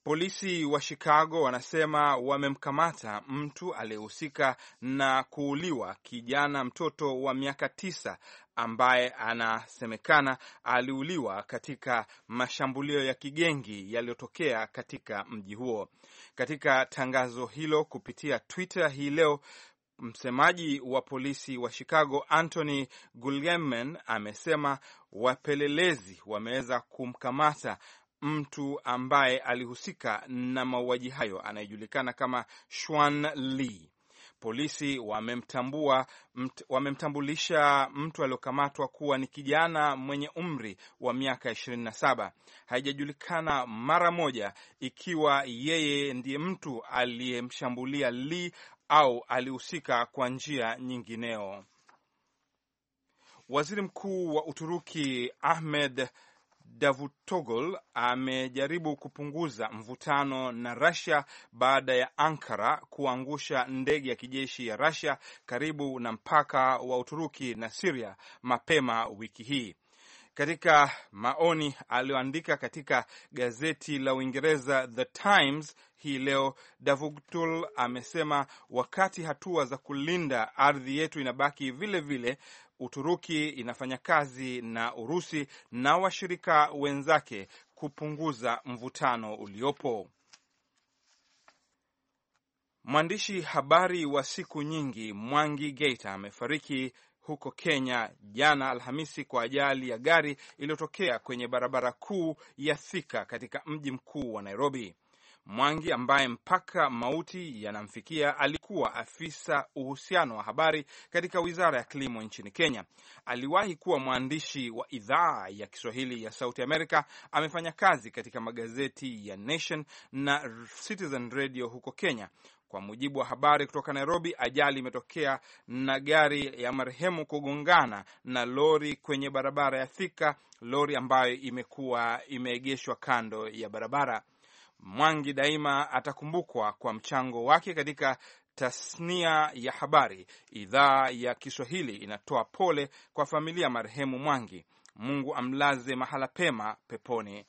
Polisi wa Chicago wanasema wamemkamata mtu aliyehusika na kuuliwa kijana mtoto wa miaka tisa ambaye anasemekana aliuliwa katika mashambulio ya kigengi yaliyotokea katika mji huo. Katika tangazo hilo kupitia Twitter hii leo, msemaji wa polisi wa Chicago Anthony Guglielmin amesema wapelelezi wameweza kumkamata mtu ambaye alihusika na mauaji hayo anayejulikana kama Shwan Lee. Polisi wamemtambua mt, wamemtambulisha mtu aliyokamatwa kuwa ni kijana mwenye umri wa miaka 27. Haijajulikana mara moja ikiwa yeye ndiye mtu aliyemshambulia Lee au alihusika kwa njia nyingineo. Waziri Mkuu wa Uturuki Ahmed Davutoglu amejaribu kupunguza mvutano na Russia baada ya Ankara kuangusha ndege ya kijeshi ya Russia karibu na mpaka wa Uturuki na Syria mapema wiki hii katika maoni aliyoandika katika gazeti la Uingereza The Times hii leo, Davutoglu amesema wakati hatua za kulinda ardhi yetu inabaki vile vile, Uturuki inafanya kazi na Urusi na washirika wenzake kupunguza mvutano uliopo. Mwandishi habari wa siku nyingi Mwangi Geita amefariki huko Kenya jana Alhamisi kwa ajali ya gari iliyotokea kwenye barabara kuu ya Thika katika mji mkuu wa Nairobi. Mwangi ambaye mpaka mauti yanamfikia alikuwa afisa uhusiano wa habari katika wizara ya kilimo nchini Kenya. Aliwahi kuwa mwandishi wa idhaa ya Kiswahili ya Sauti Amerika. Amefanya kazi katika magazeti ya Nation na Citizen Radio huko Kenya. Kwa mujibu wa habari kutoka Nairobi, ajali imetokea na gari ya marehemu kugongana na lori kwenye barabara ya Thika, lori ambayo imekuwa imeegeshwa kando ya barabara. Mwangi daima atakumbukwa kwa mchango wake katika tasnia ya habari. Idhaa ya Kiswahili inatoa pole kwa familia marehemu Mwangi. Mungu amlaze mahala pema peponi.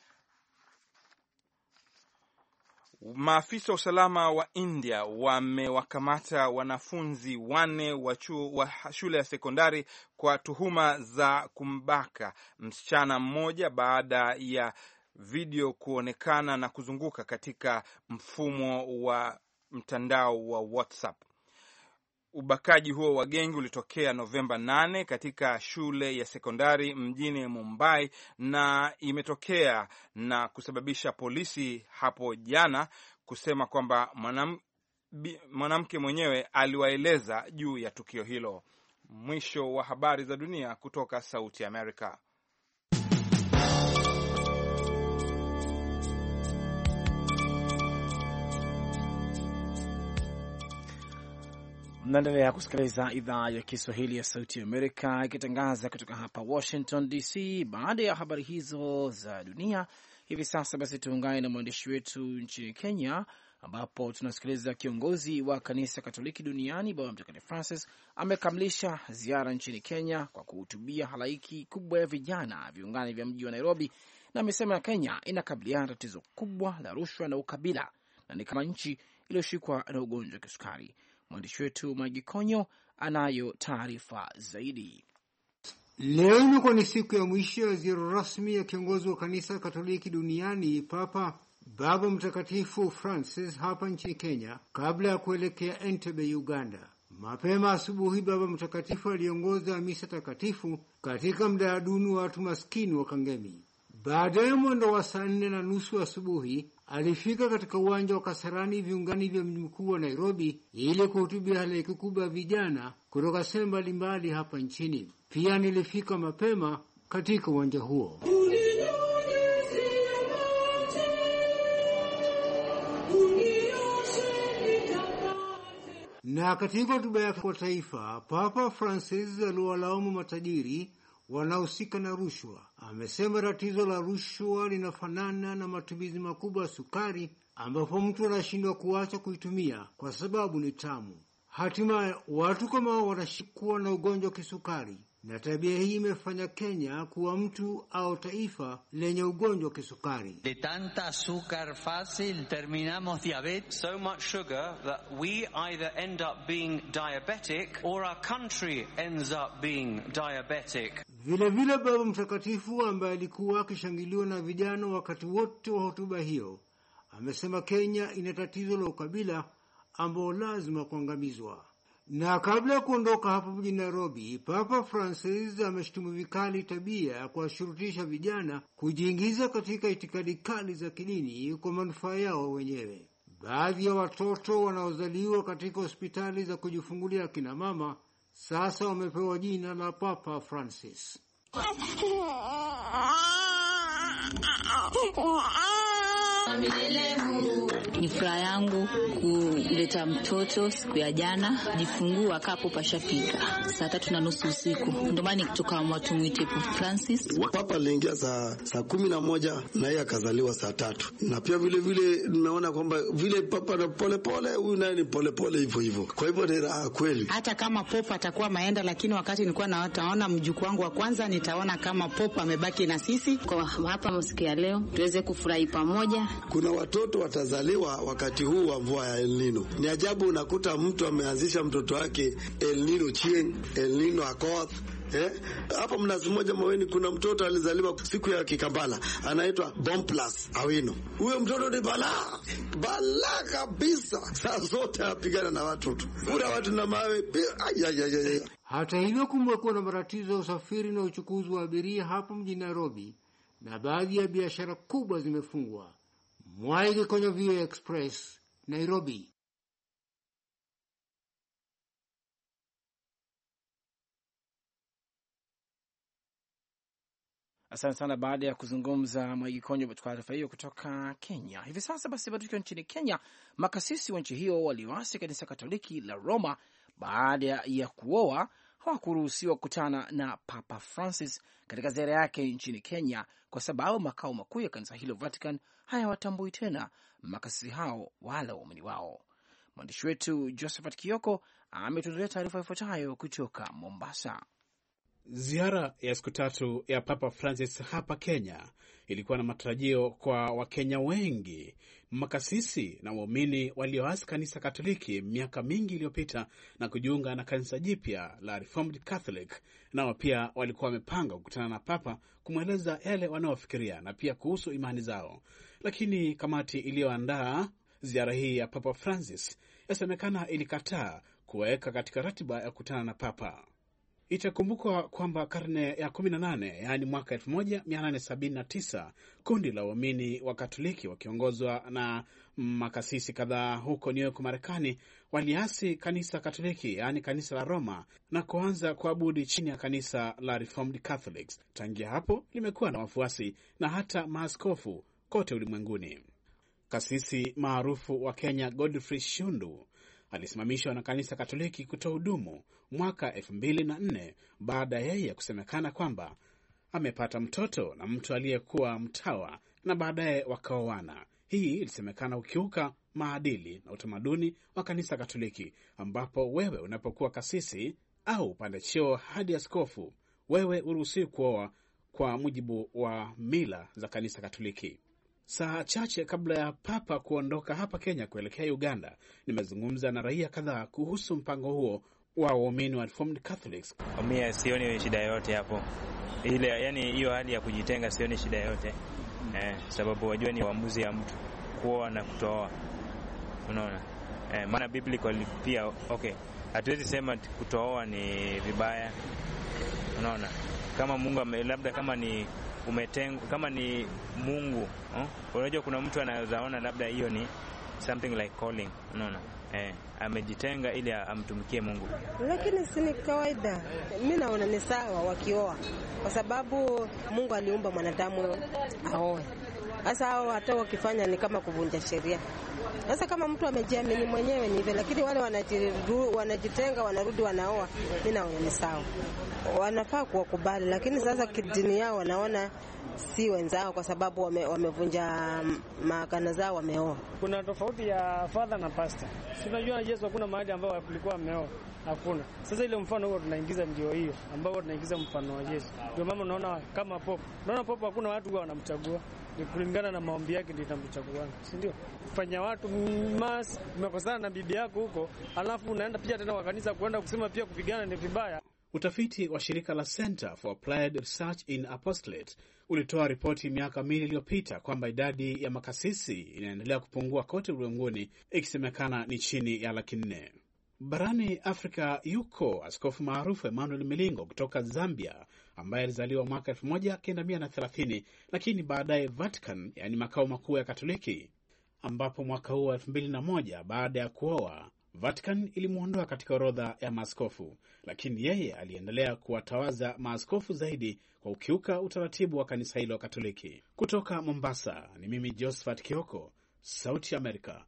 Maafisa wa usalama wa India wamewakamata wanafunzi wane wa chuo wa shule ya sekondari kwa tuhuma za kumbaka msichana mmoja baada ya video kuonekana na kuzunguka katika mfumo wa mtandao wa WhatsApp. Ubakaji huo wa gengi ulitokea Novemba 8 katika shule ya sekondari mjini Mumbai na imetokea na kusababisha polisi hapo jana kusema kwamba mwanamke mwenyewe aliwaeleza juu ya tukio hilo. Mwisho wa habari za dunia kutoka Sauti Amerika. Mnaendelea kusikiliza idhaa ya Kiswahili ya Sauti ya Amerika ikitangaza kutoka hapa Washington DC. Baada ya habari hizo za dunia hivi sasa, basi tuungane na mwandishi wetu nchini Kenya, ambapo tunasikiliza kiongozi wa kanisa Katoliki duniani Baba Mtakatifu Francis amekamilisha ziara nchini Kenya kwa kuhutubia halaiki kubwa ya vijana viungani vya mji wa Nairobi, na amesema Kenya inakabiliana na tatizo kubwa la rushwa na ukabila na ni kama nchi iliyoshikwa na ugonjwa wa kisukari. Mwandishi wetu Magi Konyo anayo taarifa zaidi. Leo imekuwa ni siku ya mwisho ya ziara rasmi ya kiongozi wa kanisa Katoliki duniani Papa Baba Mtakatifu Francis hapa nchini Kenya kabla ya kuelekea Entebbe, Uganda. Mapema asubuhi, Baba Mtakatifu aliongoza misa takatifu katika mdaa duni wa watu maskini wa Kangemi. Baadaye mwendo wa saa nne na nusu asubuhi alifika katika uwanja wa Kasarani viungani vya mji mkuu wa Nairobi ili kuhutubia halaiki kubwa ya vijana kutoka sehemu mbalimbali hapa nchini. Pia nilifika mapema katika uwanja huo. Na katika hotuba yake kwa taifa, Papa Francis aliwalaumu matajiri wanahusika na rushwa. Amesema tatizo la rushwa linafanana na matumizi makubwa ya sukari, ambapo mtu anashindwa kuacha kuitumia kwa sababu ni tamu. Hatimaye watu kama hao wanashikwa na ugonjwa wa kisukari, na tabia hii imefanya Kenya kuwa mtu au taifa lenye ugonjwa wa kisukari. De tanta terminamos diabetes. So much sugar that we either end up being diabetic or our country ends up being diabetic. Vilevile Baba Mtakatifu ambaye alikuwa akishangiliwa na vijana wakati wote wa hotuba hiyo amesema Kenya ina tatizo la ukabila ambao lazima kuangamizwa. Na kabla ya kuondoka hapo mjini Nairobi, Papa Francis ameshutumu vikali tabia ya kuwashurutisha vijana kujiingiza katika itikadi kali za kidini kwa manufaa yao wenyewe. Baadhi ya watoto wanaozaliwa katika hospitali za kujifungulia akinamama mama sasa wamepewa jina la Papa Francis. Ni furaha yangu kuleta mtoto siku ya jana, jifungua kapo pashapika saa tatu na nusu usiku, ndio maana mwite tumwite Francis. Papa aliingia saa saa kumi na moja na yeye akazaliwa saa tatu, na pia vile vile nimeona kwamba vile papa na polepole huyu naye ni polepole hivyo hivyo, kwa hivyo ni raha kweli. Hata kama popa atakuwa maenda, lakini wakati nilikuwa nataona mjukuu wangu wa kwanza, nitaona kama popa amebaki na sisi kwa hapa siku ya leo tuweze kufurahi pamoja kuna watoto watazaliwa wakati huu wa mvua ya elnino. Ni ajabu, unakuta mtu ameanzisha mtoto wake elnino chieng, elnino akoth eh? hapa eh, Mnazi Mmoja Maweni kuna mtoto alizaliwa siku ya Kikambala anaitwa Bomplas Awino. Huyo mtoto ni balaa balaa kabisa, saa zote anapigana na watoto kuna watu na mawe. Hata hivyo, kumekuwa na matatizo ya usafiri na uchukuzi wa abiria hapo mjini Nairobi, na baadhi ya biashara kubwa zimefungwa. Mwaige kwenye VOA Express Nairobi. Asante sana. Baada ya kuzungumza Mwaigikonyo kwa taarifa hiyo kutoka Kenya. Hivi sasa basi, bado nchini Kenya, makasisi wa nchi hiyo walioasi kanisa Katoliki la Roma baada ya kuoa hawakuruhusiwa kukutana na Papa Francis katika ziara yake nchini Kenya, kwa sababu makao makuu ya kanisa hilo Vatican hayawatambui tena makasisi hao wala waumini wao. Mwandishi wetu Josephat Kioko ametuletea taarifa ifuatayo kutoka Mombasa. Ziara ya siku tatu ya Papa Francis hapa Kenya ilikuwa na matarajio kwa Wakenya wengi, makasisi na waumini walioasi kanisa Katoliki miaka mingi iliyopita na kujiunga na kanisa jipya la Reformed Catholic. Nao pia walikuwa wamepanga kukutana na Papa kumweleza yale wanaofikiria na pia kuhusu imani zao, lakini kamati iliyoandaa ziara hii ya Papa Francis yasemekana ilikataa kuwaweka katika ratiba ya kukutana na Papa. Itakumbukwa kwamba karne ya 18 yaani mwaka 1879 kundi la waumini wa Katoliki wakiongozwa na makasisi kadhaa huko New York, Marekani, waliasi kanisa Katoliki yaani kanisa la Roma na kuanza kuabudi chini ya kanisa la Reformed Catholics. Tangia hapo limekuwa na wafuasi na hata maaskofu kote ulimwenguni. Kasisi maarufu wa Kenya Godfrey Shundu alisimamishwa na kanisa Katoliki kutoa hudumu mwaka elfu mbili na nne baada ya yeye kusemekana kwamba amepata mtoto na mtu aliyekuwa mtawa na baadaye wakaoana. Hii ilisemekana ukiuka maadili na utamaduni wa kanisa Katoliki, ambapo wewe unapokuwa kasisi au upande cheo hadi askofu, wewe uruhusiwi kuoa kwa mujibu wa mila za kanisa Katoliki. Saa chache kabla ya Papa kuondoka hapa Kenya kuelekea Uganda, nimezungumza na raia kadhaa kuhusu mpango huo wa waumini wa Reformed Catholics. Mimi sioni shida yoyote hapo ile, yani hiyo hali ya kujitenga sioni shida yoyote eh, sababu wajua ni uamuzi ya mtu kuoa na kutooa, unaona eh, maana biblically pia okay, hatuwezi sema kutooa ni vibaya, unaona kama Mungu labda kama ni umetengwa, kama ni Mungu oh? Unajua kuna mtu anawezaona labda hiyo ni something like calling, unaona eh, amejitenga ili amtumikie Mungu, lakini si ni kawaida. Mimi naona ni sawa wakioa, kwa sababu Mungu aliumba mwanadamu aoe. Sasa hao hata wakifanya ni kama kuvunja sheria. Sasa kama mtu amejiamini mwenyewe ni hivyo, lakini wale wanajitenga wanarudi wanaoa, mimi naona ni sawa, wanafaa kuwakubali, lakini sasa kidini yao wanaona si wenzao, kwa sababu wame, wamevunja maagano zao, wameoa. Kuna tofauti ya father na pastor. Tunajua Yesu hakuna mahali ambao alikuwa ameoa, hakuna. Sasa ile mfano huo tunaingiza ndio hiyo ambao tunaingiza mfano wa Yesu. Ndio mama, unaona kama popo, unaona popo, hakuna watu huwa wanamchagua ni kulingana na maombi yake ndio itamchagua, si ndio? Fanya watu mas umekosana na bibi yako huko, alafu unaenda pia tena kwa kanisa kuenda kusema pia kupigana ni vibaya. Utafiti wa shirika la Center for Applied Research in Apostolate ulitoa ripoti miaka miwili iliyopita kwamba idadi ya makasisi inaendelea kupungua kote ulimwenguni, ikisemekana ni chini ya laki nne. Barani Afrika yuko askofu maarufu Emmanuel Milingo kutoka Zambia ambaye alizaliwa mwaka 1930 lakini baadaye Vatican, yaani makao makuu ya Katoliki, ambapo mwaka huu wa 2001 baada ya kuoa Vatican ilimwondoa katika orodha ya maaskofu, lakini yeye aliendelea kuwatawaza maaskofu zaidi kwa ukiuka utaratibu wa kanisa hilo Katoliki. Kutoka Mombasa ni mimi Josephat Kioko, Sauti Amerika.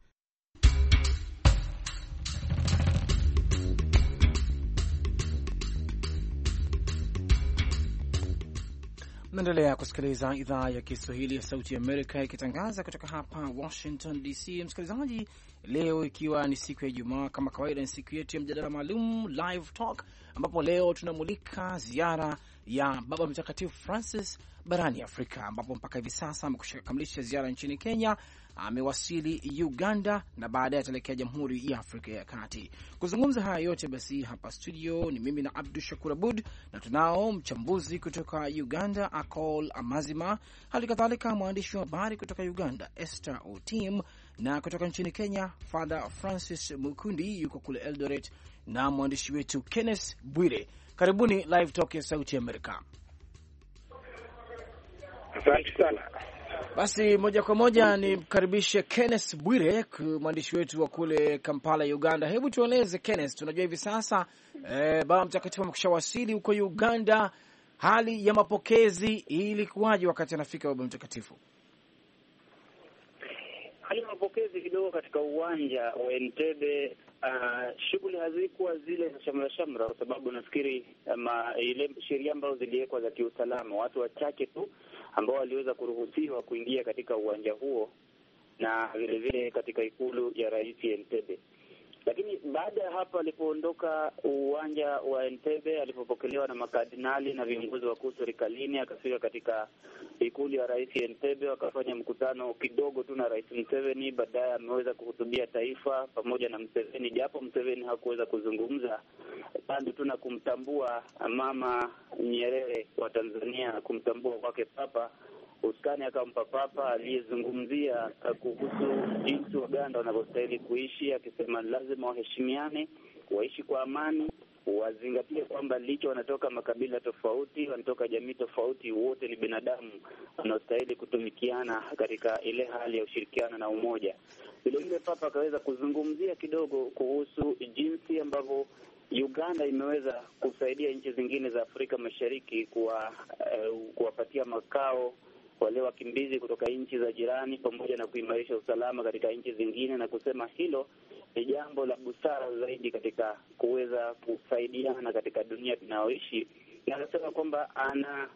Naendelea kusikiliza idhaa ya Kiswahili ya Sauti ya Amerika ikitangaza kutoka hapa Washington DC. Msikilizaji, leo ikiwa ni siku ya Ijumaa, kama kawaida, ni siku yetu ya mjadala maalum Live Talk, ambapo leo tunamulika ziara ya Baba Mtakatifu Francis barani Afrika, ambapo mpaka hivi sasa amekwisha ziara nchini Kenya amewasili Uganda na baadaye ataelekea Jamhuri ya Afrika ya Kati. Kuzungumza haya yote basi, hapa studio ni mimi na Abdu Shakur Abud, na tunao mchambuzi kutoka Uganda Acol Amazima, hali kadhalika mwandishi wa habari kutoka Uganda Esther Otim, na kutoka nchini Kenya Father Francis Mukundi yuko kule Eldoret, na mwandishi wetu Kenneth Bwire. Karibuni Live Talk ya Sauti Amerika. Asante sana. Basi moja kwa moja ni mkaribishe Kenneth Bwire, mwandishi wetu wa kule Kampala, Uganda. Hebu tueleze Kenneth, tunajua hivi sasa e, Baba Mtakatifu wasili huko Uganda, hali ya mapokezi ilikuwaje wakati anafika Baba Mtakatifu? Hali ya mapokezi kidogo katika uwanja wa Entebbe Uh, shughuli hazikuwa zile za shamra shamra, kwa sababu nafikiri eh, ile sheria ambazo ziliwekwa za kiusalama, watu wachache tu ambao waliweza kuruhusiwa kuingia katika uwanja huo na vilevile katika ikulu ya rais Entebbe. Lakini baada ya hapo alipoondoka uwanja wa Entebbe, alipopokelewa na makardinali na viongozi wakuu serikalini, akafika katika ikulu ya rais Entebbe, wakafanya mkutano kidogo tu na rais mseveni Baadaye ameweza kuhutubia taifa pamoja na mseveni japo mseveni hakuweza kuzungumza, bado tu na kumtambua mama Nyerere wa Tanzania, kumtambua kwake papa Uskani akampa papa aliyezungumzia kuhusu jinsi Waganda wanavyostahili kuishi, akisema lazima waheshimiane, waishi kwa amani, wazingatie kwamba licha wanatoka makabila tofauti, wanatoka jamii tofauti, wote ni binadamu wanaostahili kutumikiana katika ile hali ya ushirikiano na umoja. Vilevile papa akaweza kuzungumzia kidogo kuhusu jinsi ambavyo Uganda imeweza kusaidia nchi zingine za Afrika Mashariki kuwa, eh, kuwapatia makao wale wakimbizi kutoka nchi za jirani, pamoja na kuimarisha usalama katika nchi zingine, na kusema hilo ni jambo la busara zaidi katika kuweza kusaidiana katika dunia tunayoishi, na anasema kwamba ana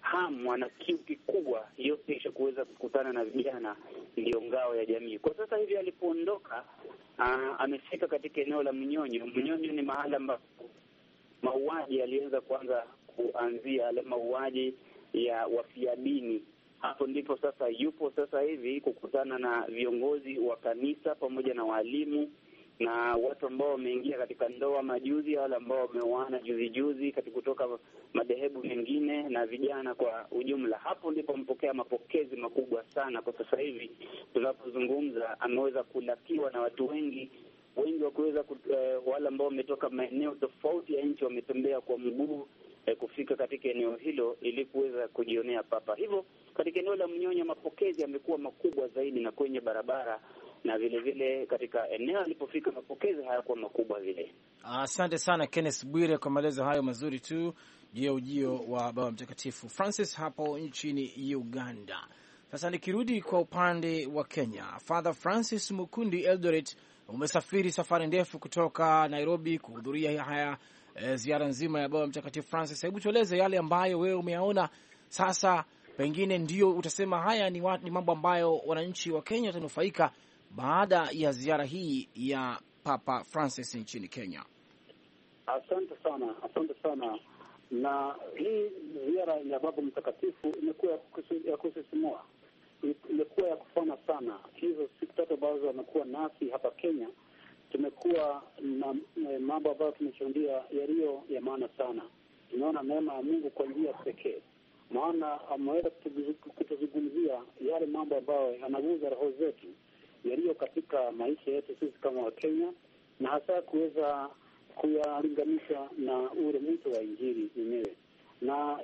hamu ana kiu kikubwa hiyo kesho kuweza kukutana na vijana, ndiyo ngao ya jamii. Kwa sasa hivi alipoondoka, amefika katika eneo la Mnyonyo. Mnyonyo ni mahala ambapo mauaji yaliweza kuanza kuanzia, ale mauaji ya wafia dini hapo ndipo sasa yupo sasa hivi kukutana na viongozi wa kanisa pamoja na waalimu na watu ambao wameingia katika ndoa majuzi, wale ambao wameoana juzi juzi katika kutoka madhehebu mengine na vijana kwa ujumla. Hapo ndipo mpokea mapokezi makubwa sana. Kwa sasa hivi tunapozungumza, ameweza kulakiwa na watu wengi wengi wakiweza, eh, wale ambao wametoka maeneo tofauti ya nchi, wametembea kwa mguu Eh, kufika katika eneo hilo ili kuweza kujionea papa. Hivyo katika eneo la Mnyonya mapokezi yamekuwa makubwa zaidi na kwenye barabara na vile vile katika eneo alipofika mapokezi hayakuwa makubwa vile. Asante sana Kenneth Bwire kwa maelezo hayo mazuri tu juu ya ujio wa Baba Mtakatifu Francis hapo nchini Uganda. Sasa nikirudi kwa upande wa Kenya, Father Francis Mukundi Eldoret, umesafiri safari ndefu kutoka Nairobi kuhudhuria haya e, ziara nzima ya Baba Mtakatifu Francis. Hebu tueleze yale ambayo wewe umeyaona sasa, pengine ndio utasema haya ni, ni mambo ambayo wananchi wa Kenya watanufaika baada ya ziara hii ya Papa Francis nchini Kenya. Asante sana, asante sana. Na hii ziara ya Baba Mtakatifu imekuwa ya kusisimua, imekuwa ya kufana sana. Hizo siku tatu ambazo amekuwa nasi hapa Kenya tumekuwa na eh, mambo ambayo tumeshuhudia yaliyo ya maana sana. Tumeona neema ya Mungu kwa njia pekee, maana ameweza kutuzungumzia yale mambo ambayo yanaguza roho zetu yaliyo katika maisha yetu sisi kama Wakenya, na hasa kuweza kuyalinganisha na ule mwito wa Injili yenyewe, na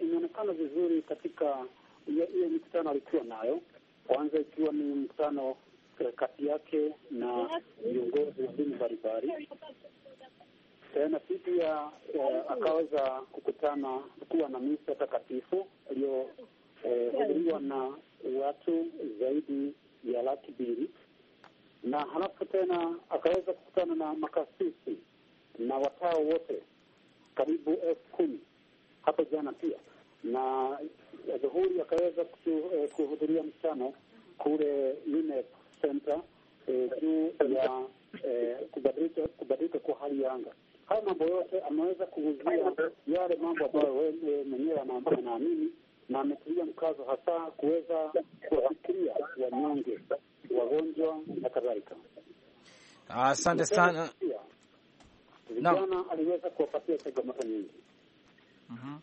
imeonekana vizuri katika hiyo mikutano alikuwa nayo kwanza, ikiwa ni mkutano serikali eh, yake na viongozi wa dini mbalimbali. Tena si pia eh, eh akaweza kukutana kuwa na misa takatifu iliyohudhuriwa eh, na watu zaidi ya laki mbili na halafu tena akaweza kukutana na makasisi na watao wote karibu elfu kumi hapo jana pia, na dhuhuri akaweza eh, kuhudhuria mchano kule UNEP center eh, juu ya eh, kubadilika kwa hali ya anga. Haya mambo yote ameweza kuuzia yale mambo ambayo wewe mwenyewe anaambia naamini, na ametilia mkazo hasa kuweza kuwafikiria wanyonge, wagonjwa na kadhalika. Asante sana. Vijana aliweza kuwapatia changamoto nyingi mhm.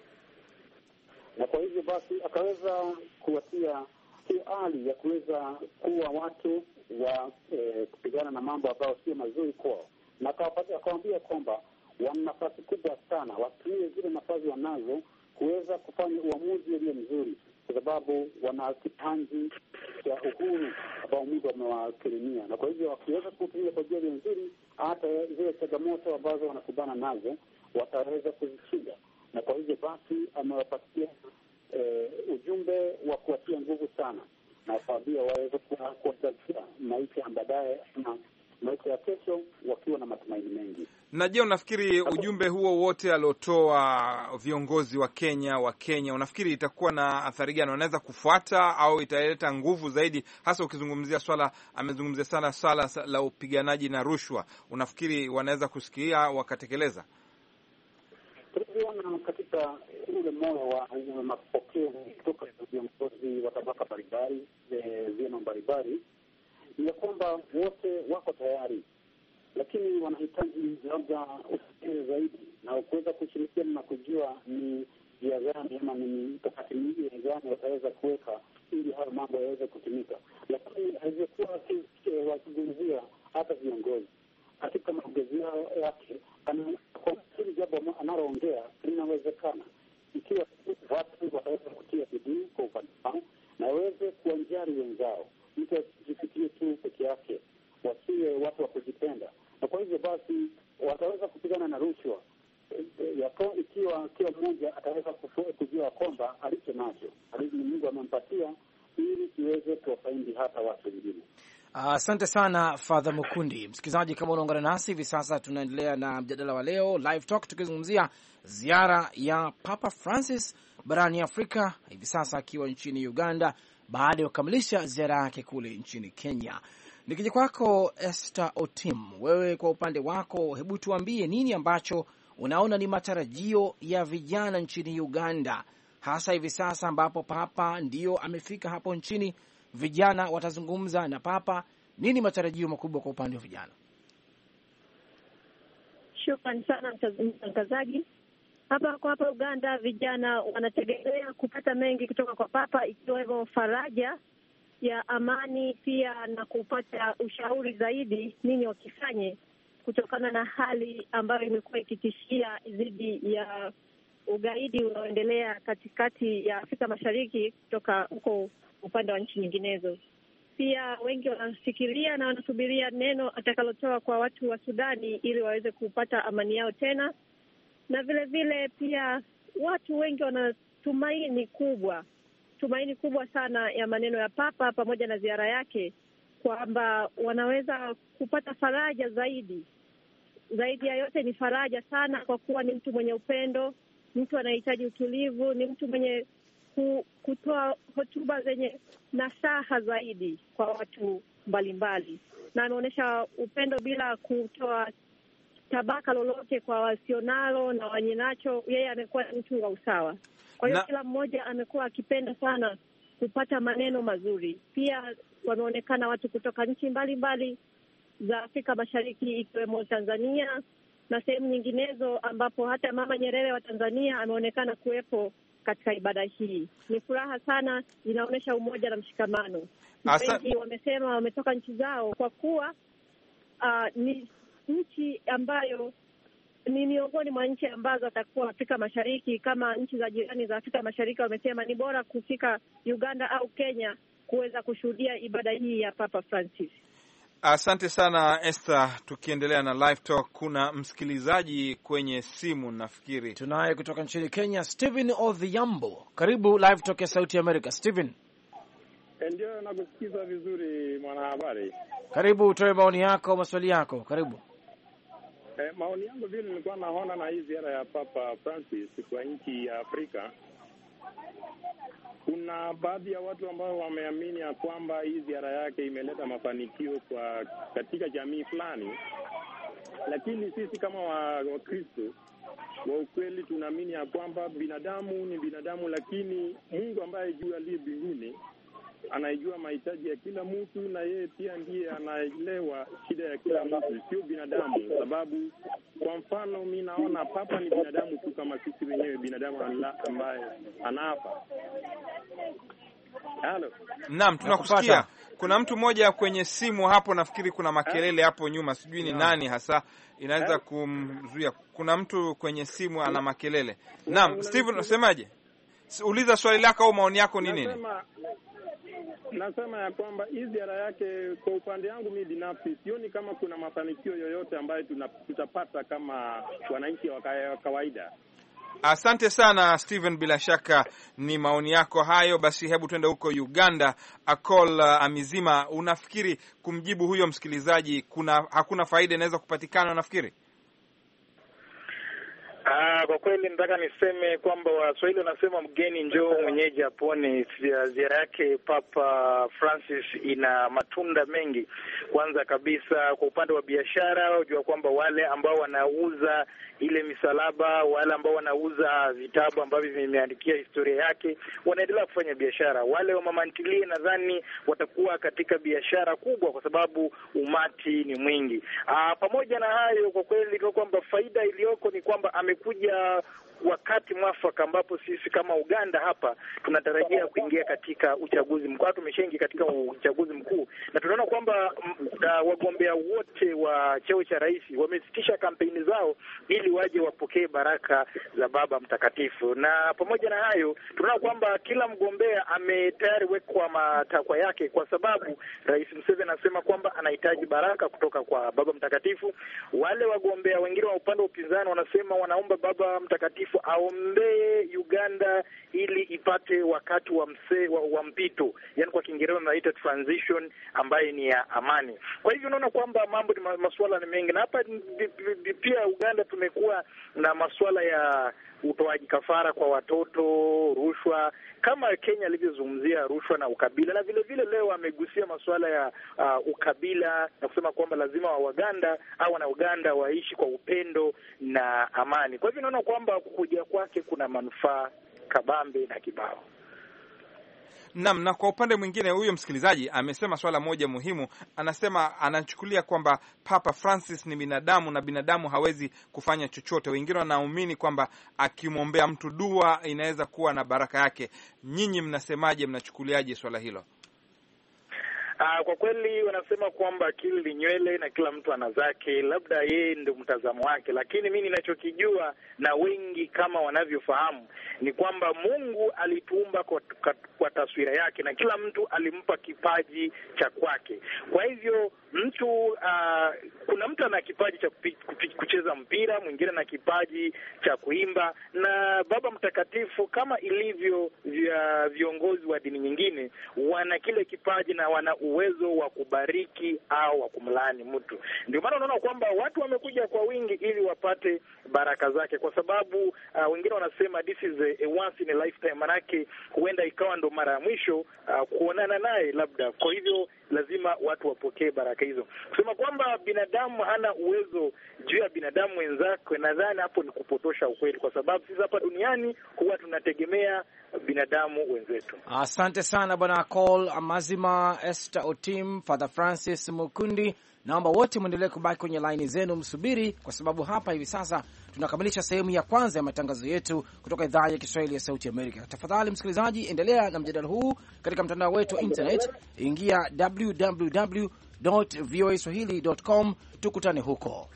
na kwa hivyo basi akaweza kuwatia hiyo hali ya kuweza kuwa watu wa e, kupigana na mambo ambayo sio mazuri kwao, na akawaambia kwamba wana nafasi kubwa sana, watumie zile nafasi wanazo kuweza kufanya uamuzi ulio mzuri, kwa sababu wana kipanji cha uhuru ambao Mungu amewakirimia, na kwa hivyo wakiweza kutumia kwa jia nzuri, hata zile changamoto ambazo wanakubana nazo wataweza kuzishinda, na kwa hivyo basi amewapatia eh, ujumbe wa kuwatia nguvu sana na kuambia waweze kuangazia maisha ya baadaye na maisha ya kesho wakiwa na matumaini mengi. Na je, unafikiri ujumbe huo wote aliotoa viongozi wa Kenya wa Kenya, unafikiri itakuwa na athari gani? Wanaweza kufuata au italeta nguvu zaidi, hasa ukizungumzia swala, amezungumzia sana swala la upiganaji na rushwa. Unafikiri wanaweza kusikia wakatekeleza? Tulivyoona katika ule moyo wa mapokezi kutoka viongozi wa tabaka mbalimbali, eh, vyama mbalimbali, ni ya kwamba wote wako tayari, lakini wanahitaji labda ufikiri zaidi na kuweza kushirikiana na kujua ni njia gani ama ni mikakati mingine gani wataweza kuweka ili hayo mambo yaweze kutumika, lakini alivyokuwa eh, wakizungumzia hata viongozi katika maongezi yao yake, hili jambo analoongea linawezekana ikiwa watu wataweza kutia bidii kwa ufasaha na waweze kuwanjari wenzao, mtu asijifikie tu peke yake, wasiwe watu wa kujipenda, na kwa hivyo basi wataweza kupigana na rushwa eh, yako ikiwa kila mmoja ataweza kujua kwamba alicho nacho Mungu amempatia ili kiweze kuwafaidi hata watu wengine. Ah, asante uh, sana Fadha Mukundi. Msikilizaji, kama unaungana nasi hivi sasa, tunaendelea na mjadala wa leo Live Talk tukizungumzia ziara ya Papa Francis barani Afrika hivi sasa akiwa nchini Uganda baada ya kukamilisha ziara yake kule nchini Kenya. Nikija kwako Esther Otim, wewe kwa upande wako, hebu tuambie nini ambacho unaona ni matarajio ya vijana nchini Uganda hasa hivi sasa ambapo Papa ndiyo amefika hapo nchini vijana watazungumza na Papa. Nini matarajio makubwa kwa upande wa vijana? shukran sana mtangazaji. Hapa kwa hapa Uganda vijana wanategemea kupata mengi kutoka kwa Papa, ikiwemo faraja ya amani, pia na kupata ushauri zaidi nini wakifanye kutokana na hali ambayo imekuwa ikitishia dhidi ya ugaidi unaoendelea katikati ya Afrika Mashariki kutoka huko upande wa nchi nyinginezo. Pia wengi wanafikiria na wanasubiria neno atakalotoa kwa watu wa Sudani ili waweze kupata amani yao tena, na vilevile vile pia watu wengi wanatumaini kubwa, tumaini kubwa sana ya maneno ya Papa pamoja na ziara yake, kwamba wanaweza kupata faraja zaidi. Zaidi ya yote ni faraja sana, kwa kuwa ni mtu mwenye upendo, mtu anayehitaji utulivu, ni mtu mwenye kutoa hotuba zenye nasaha zaidi kwa watu mbalimbali, na ameonyesha upendo bila kutoa tabaka lolote kwa wasionalo na wenye nacho. Yeye amekuwa ni mtu wa usawa, kwa hiyo na... kila mmoja amekuwa akipenda sana kupata maneno mazuri. Pia wameonekana watu kutoka nchi mbalimbali za Afrika Mashariki ikiwemo Tanzania na sehemu nyinginezo ambapo hata Mama Nyerere wa Tanzania ameonekana kuwepo katika ibada hii. Ni furaha sana, inaonyesha umoja na mshikamano. Wengi wamesema wametoka nchi zao kwa kuwa uh, ni nchi ambayo ni miongoni mwa nchi ambazo watakuwa Afrika Mashariki, kama nchi za jirani za Afrika Mashariki wamesema ni bora kufika Uganda au Kenya kuweza kushuhudia ibada hii ya Papa Francis. Asante sana Esther. Tukiendelea na live talk, kuna msikilizaji kwenye simu nafikiri tunaye kutoka nchini Kenya, Stephen Odhiambo. Karibu live talk ya Sauti ya Amerika. Stephen, eh, ndio nakusikiza vizuri mwanahabari. Karibu utoe maoni yako, maswali yako, karibu. E, maoni yangu vile nilikuwa naona na hii ziara ya Papa Francis kwa nchi ya Afrika kuna baadhi ya watu ambao wameamini ya kwamba hii ziara yake imeleta mafanikio kwa katika jamii fulani, lakini sisi kama Wakristo wa, wa ukweli tunaamini ya kwamba binadamu ni binadamu, lakini Mungu ambaye juu aliye mbinguni anayejua mahitaji ya kila mtu, na yeye pia ndiye anaelewa shida ya kila mtu, sio binadamu. Sababu kwa mfano, mi naona papa ni binadamu tu kama sisi wenyewe, binadamu ambaye anaapa. Halo, naam, tunakusikia. Kuna mtu mmoja kwenye simu hapo, nafikiri kuna makelele hapo nyuma, sijui ni nani hasa inaweza eh? kumzuia. Kuna mtu kwenye simu ana makelele. Naam, Steven, unasemaje? Uliza swali lako au maoni yako ni nini? Nasema, nasema ya kwamba hii ziara yake, kwa upande wangu mi binafsi, sioni kama kuna mafanikio yoyote ambayo tutapata kama wananchi wa kawaida. Asante sana Steven, bila shaka ni maoni yako hayo. Basi hebu tuende huko Uganda. Akol uh, Amizima, unafikiri kumjibu huyo msikilizaji kuna hakuna faida inaweza kupatikana? Unafikiri Aa, ah, kwa kweli nataka niseme kwamba Waswahili wanasema mgeni njoo mwenyeji apone. Ziara yake Papa Francis ina matunda mengi. Kwanza kabisa, kwa upande wa biashara, unajua kwamba wale ambao wanauza ile misalaba, wale ambao wanauza vitabu ambavyo vimeandikia historia yake wanaendelea kufanya biashara. Wale wamamantilie nadhani watakuwa katika biashara kubwa, kwa sababu umati ni mwingi. Aa, ah, pamoja na hayo, kwa kweli kwamba faida iliyoko ni kwamba ame amekuja wakati mwafaka ambapo sisi kama Uganda hapa tunatarajia kuingia katika uchaguzi mkuu, tumeshaingia katika uchaguzi mkuu, na tunaona kwamba mm, uh, wagombea wote wa cheo cha rais wamesitisha kampeni zao ili waje wapokee baraka za Baba Mtakatifu. Na pamoja na hayo, tunaona kwamba kila mgombea ametayari wekwa matakwa yake, kwa sababu Rais Museveni anasema kwamba anahitaji baraka kutoka kwa Baba Mtakatifu. Wale wagombea wengine wa upande wa upinzani wanasema wanaomba Baba Mtakatifu Rais aombee Uganda ili ipate wakati wa mse, wa, wa mpito, yani kwa Kiingereza naita transition ambaye ni ya amani. Kwa hivyo unaona kwamba mambo ni masuala ni mengi, na hapa pia Uganda tumekuwa na masuala ya utoaji kafara kwa watoto, rushwa, kama Kenya alivyozungumzia rushwa na ukabila, na vilevile vile leo amegusia masuala ya uh, ukabila na kusema kwamba lazima Wawaganda au Wanauganda waishi kwa upendo na amani. Kwa hivyo naona kwamba kukuja kwake kuna manufaa kabambe na kibao. Naam, na kwa upande mwingine huyo msikilizaji amesema swala moja muhimu, anasema anachukulia kwamba Papa Francis ni binadamu na binadamu hawezi kufanya chochote. Wengine wanaamini kwamba akimwombea mtu dua inaweza kuwa na baraka yake. Nyinyi mnasemaje? Mnachukuliaje swala hilo? Aa, ah, kwa kweli wanasema kwamba akili ni nywele na kila mtu ana zake, labda yeye ndio mtazamo wake, lakini mi ninachokijua na wengi kama wanavyofahamu ni kwamba Mungu alituumba kwa, kwa, kwa taswira yake na kila mtu alimpa kipaji cha kwake. Kwa hivyo mtu uh, kuna mtu ana kipaji cha kupi, kupi, kucheza mpira, mwingine ana kipaji cha kuimba, na Baba Mtakatifu kama ilivyo vya viongozi wa dini nyingine wana kile kipaji na wana uwezo wa kubariki au wa kumlaani mtu. Ndio maana unaona kwamba watu wamekuja kwa wingi ili wapate baraka zake, kwa sababu uh, wengine wanasema this is a, a once in a lifetime, manake huenda ikawa ndo mara ya mwisho uh, kuonana naye labda. Kwa hivyo lazima watu wapokee baraka hizo. Kusema kwamba binadamu hana uwezo juu ya binadamu wenzake nadhani hapo ni kupotosha ukweli, kwa sababu sisi hapa duniani huwa tunategemea binadamu wenzetu. Asante sana Bwana Col Amazima, Esther Otim, Father Francis Mukundi Naomba wote mwendelee kubaki kwenye laini zenu, msubiri, kwa sababu hapa hivi sasa tunakamilisha sehemu ya kwanza ya matangazo yetu kutoka idhaa ya Kiswahili ya Sauti Amerika. Tafadhali msikilizaji, endelea na mjadala huu katika mtandao wetu wa internet, ingia www voa swahilicom com, tukutane huko.